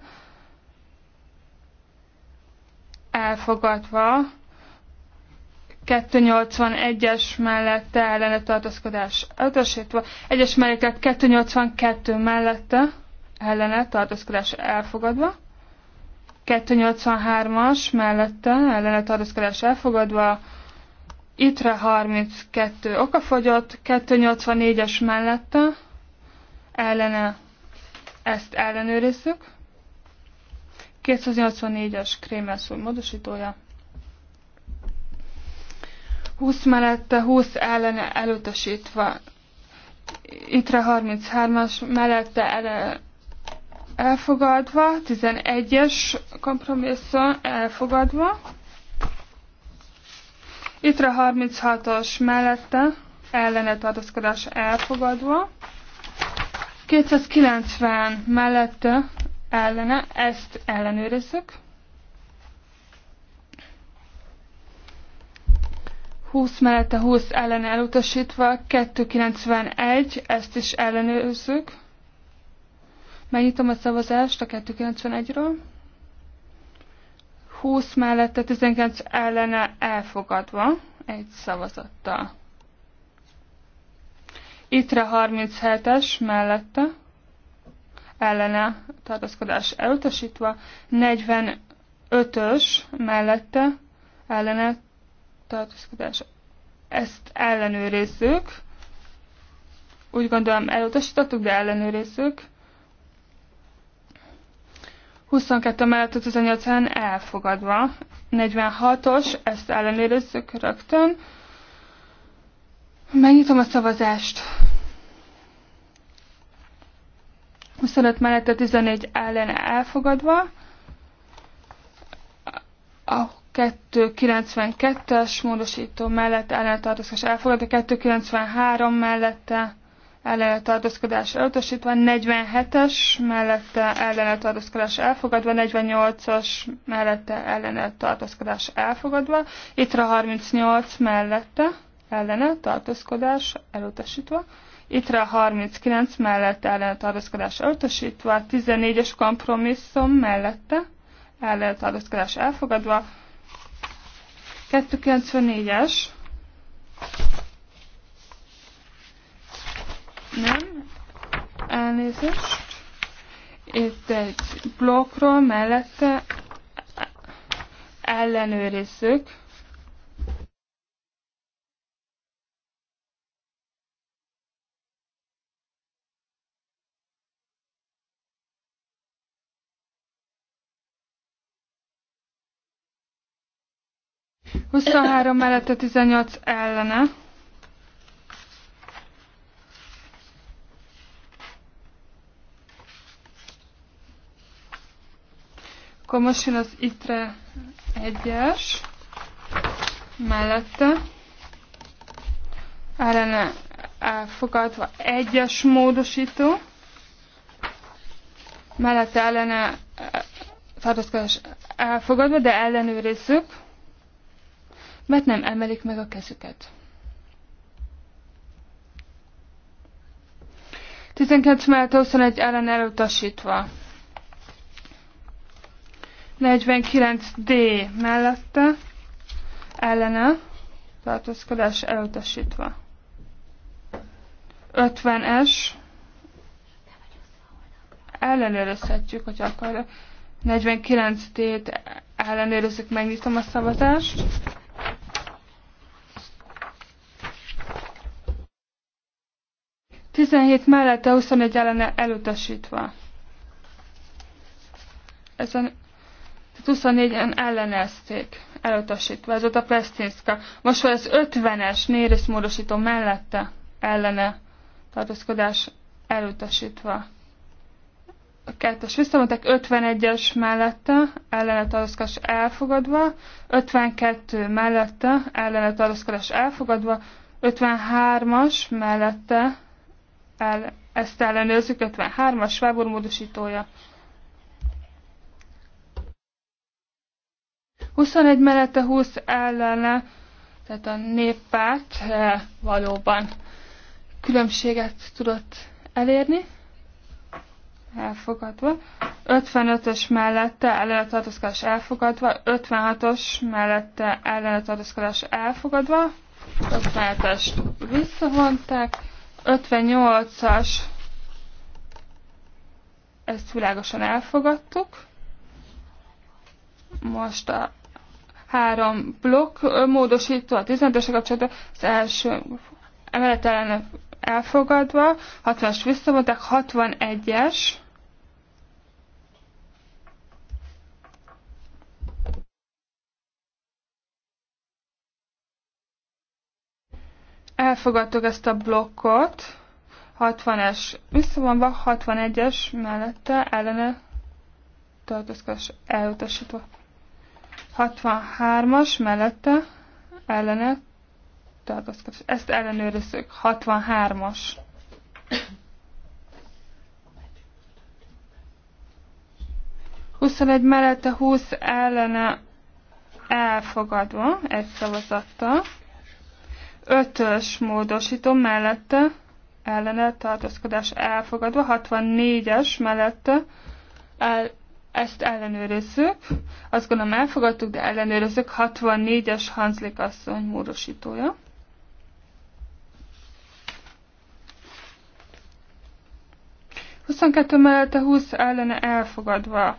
[SPEAKER 3] elfogadva, 281-es mellette ellene tartózkodás elutasítva, es melléklet 282 mellette ellene tartózkodás elfogadva, 283-as mellette ellene tartózkodás elfogadva, Itre 32 okafogyott, 284-es mellette ellene ezt ellenőrizzük. 284-es krémelszúr módosítója. 20 mellette, 20 ellene elutasítva. Itre 33-as mellette ele elfogadva, 11-es kompromisszum elfogadva a 36-os mellette ellene tartózkodás elfogadva. 290 mellette ellene, ezt ellenőrizzük. 20 mellette 20 ellen elutasítva, 291, ezt is ellenőrizzük. Megnyitom a szavazást a 291-ről. 20 mellette 19 ellene elfogadva egy szavazattal. Itre 37-es mellette ellene tartózkodás elutasítva, 45-ös mellette ellene tartózkodás. Ezt ellenőrizzük. Úgy gondolom elutasítottuk, de ellenőrizzük. 22 mellett a 18 elfogadva. 46-os, ezt ellenőrizzük rögtön. Megnyitom a szavazást. 25 mellett a 14 ellen elfogadva. A 292-es módosító mellett ellen tartozás elfogadva, 293 mellette ellenetartózkodás elutasítva, 47-es mellette ellenetartózkodás elfogadva, 48-as mellette ellenetartózkodás elfogadva elfogadva, a 38 mellette ellenetartózkodás tartózkodás elutasítva, a 39 mellette ellenetartózkodás elutasítva, 14-es kompromisszum mellette ellenetartózkodás elfogadva, 294-es nem. Elnézést. Itt egy blokkról mellette ellenőrizzük. Huszonhárom mellette 18 ellene. Akkor most jön az ITRE egyes mellette. Ellene elfogadva egyes módosító. Mellette ellene eh, tartozkodás elfogadva, de ellenőrizzük, mert nem emelik meg a kezüket. 19 mellett 21 ellen elutasítva. 49D mellette ellene tartózkodás elutasítva. 50S ellenőrizhetjük, hogy akarja. 49D-t ellenőrizzük, megnyitom a szavazást. Tizenhét mellette 21 ellene elutasítva. Ezen 24-en ellenezték, elutasítva. Ez ott a Pestinska. Most van az 50-es Néris módosító mellette ellene tartózkodás elutasítva. A kettes visszamondták 51-es mellette ellene tartózkodás elfogadva, 52 mellette ellene tartózkodás elfogadva, 53-as mellette el, ezt ellenőrzük, 53-as Schwabur módosítója 21 mellette 20 ellene, tehát a néppárt eh, valóban különbséget tudott elérni. Elfogadva. 55-ös mellette ellenetartózkodás elfogadva, 56-os mellette ellenetartózkodás elfogadva, 57-est visszavonták, 58-as ezt világosan elfogadtuk. Most a három blokk módosító a 15-ös kapcsolatban, az első emelet ellen elfogadva, 60-as visszavonták, 61-es, elfogadtuk ezt a blokkot, 60-es visszavonva, 61-es mellette ellene tartozkodás elutasítva. 63-as mellette ellene tartózkodás. Ezt ellenőrizzük. 63-as. Huszonegy mellette 20 ellene elfogadva egy szavazattal. Ötös módosító mellette ellene tartózkodás elfogadva. 64-es mellette el, ezt ellenőrizzük. Azt gondolom elfogadtuk, de ellenőrizzük. 64-es Hanslik asszony módosítója. Huszonkettő mellett a 20 ellene elfogadva.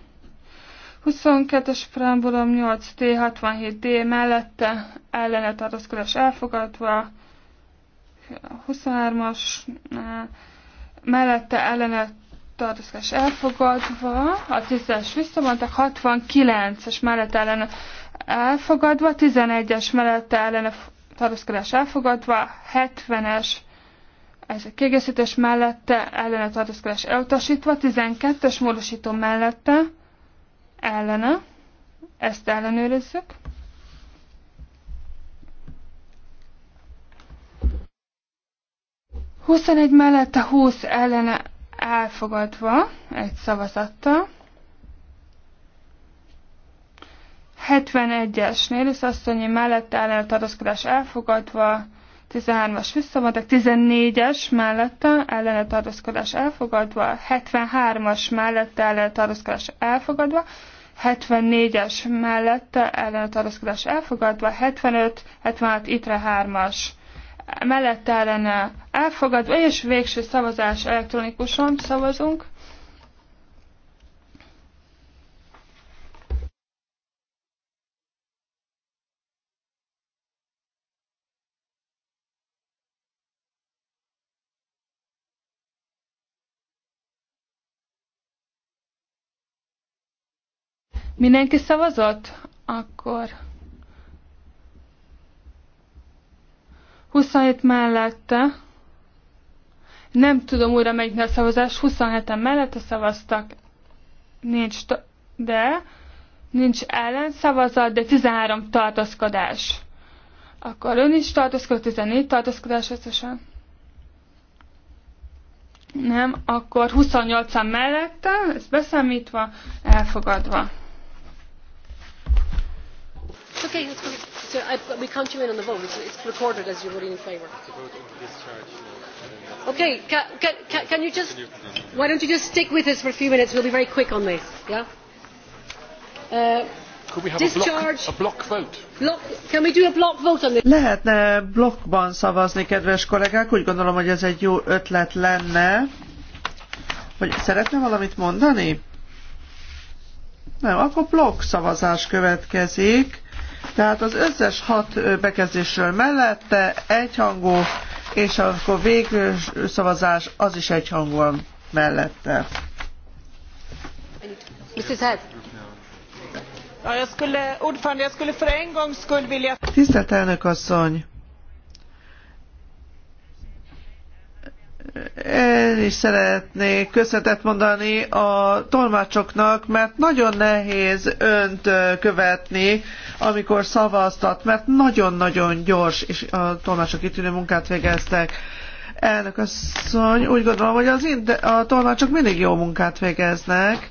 [SPEAKER 3] 22-es preambulum 8T67D mellette ellene tartózkodás elfogadva. 23-as eh, mellette ellene tartózkodás elfogadva, a 10-es visszamondtak, 69-es mellett ellen elfogadva, 11-es mellett ellen a tartózkodás elfogadva, 70-es ez a kiegészítés mellette ellen a tartózkodás elutasítva, 12-es módosító mellette ellene, ezt ellenőrizzük. Huszonegy mellette húsz ellene elfogadva egy szavazattal. 71-es Nélis asszonyi mellett ellen tartózkodás elfogadva, 13-as visszavadak, 14-es mellette ellene tartózkodás elfogadva, 73-as mellette ellene tartózkodás elfogadva, 74-es mellette ellene tartózkodás elfogadva, 75, 76, itre 3-as mellette ellene elfogadva, és végső szavazás elektronikusan szavazunk. Mindenki szavazott? Akkor... 27 mellette, nem tudom újra melyiknél a szavazás, 27-en mellette szavaztak, nincs, de nincs ellenszavazat, de 13 tartozkodás. Akkor ön is tartozkodott, 14 tartozkodás összesen. Nem, akkor 28-an mellette, ez beszámítva, elfogadva. It's okay. It's good. So I, we count you in on the vote. It's, it's recorded as you voting in favour.
[SPEAKER 2] Okay. Can, can, can you just? Why don't you just stick with us for a few minutes? We'll be very quick on this. Yeah. Uh,
[SPEAKER 3] Could we have a block, a block vote?
[SPEAKER 2] Lehetne blokkban szavazni, kedves kollégák. Úgy gondolom, hogy ez egy jó ötlet lenne. Hogy szeretne valamit mondani? Nem, akkor blokk szavazás következik tehát az összes hat bekezdésről mellette egyhangú, és akkor végül szavazás az is egyhangúan mellette. Tisztelt elnök asszony! Én is szeretnék köszönetet mondani a tolmácsoknak, mert nagyon nehéz önt követni, amikor szavaztat, mert nagyon-nagyon gyors, és a tolmácsok kitűnő munkát végeztek. Elnök asszony, úgy gondolom, hogy az a tolmácsok mindig jó munkát végeznek.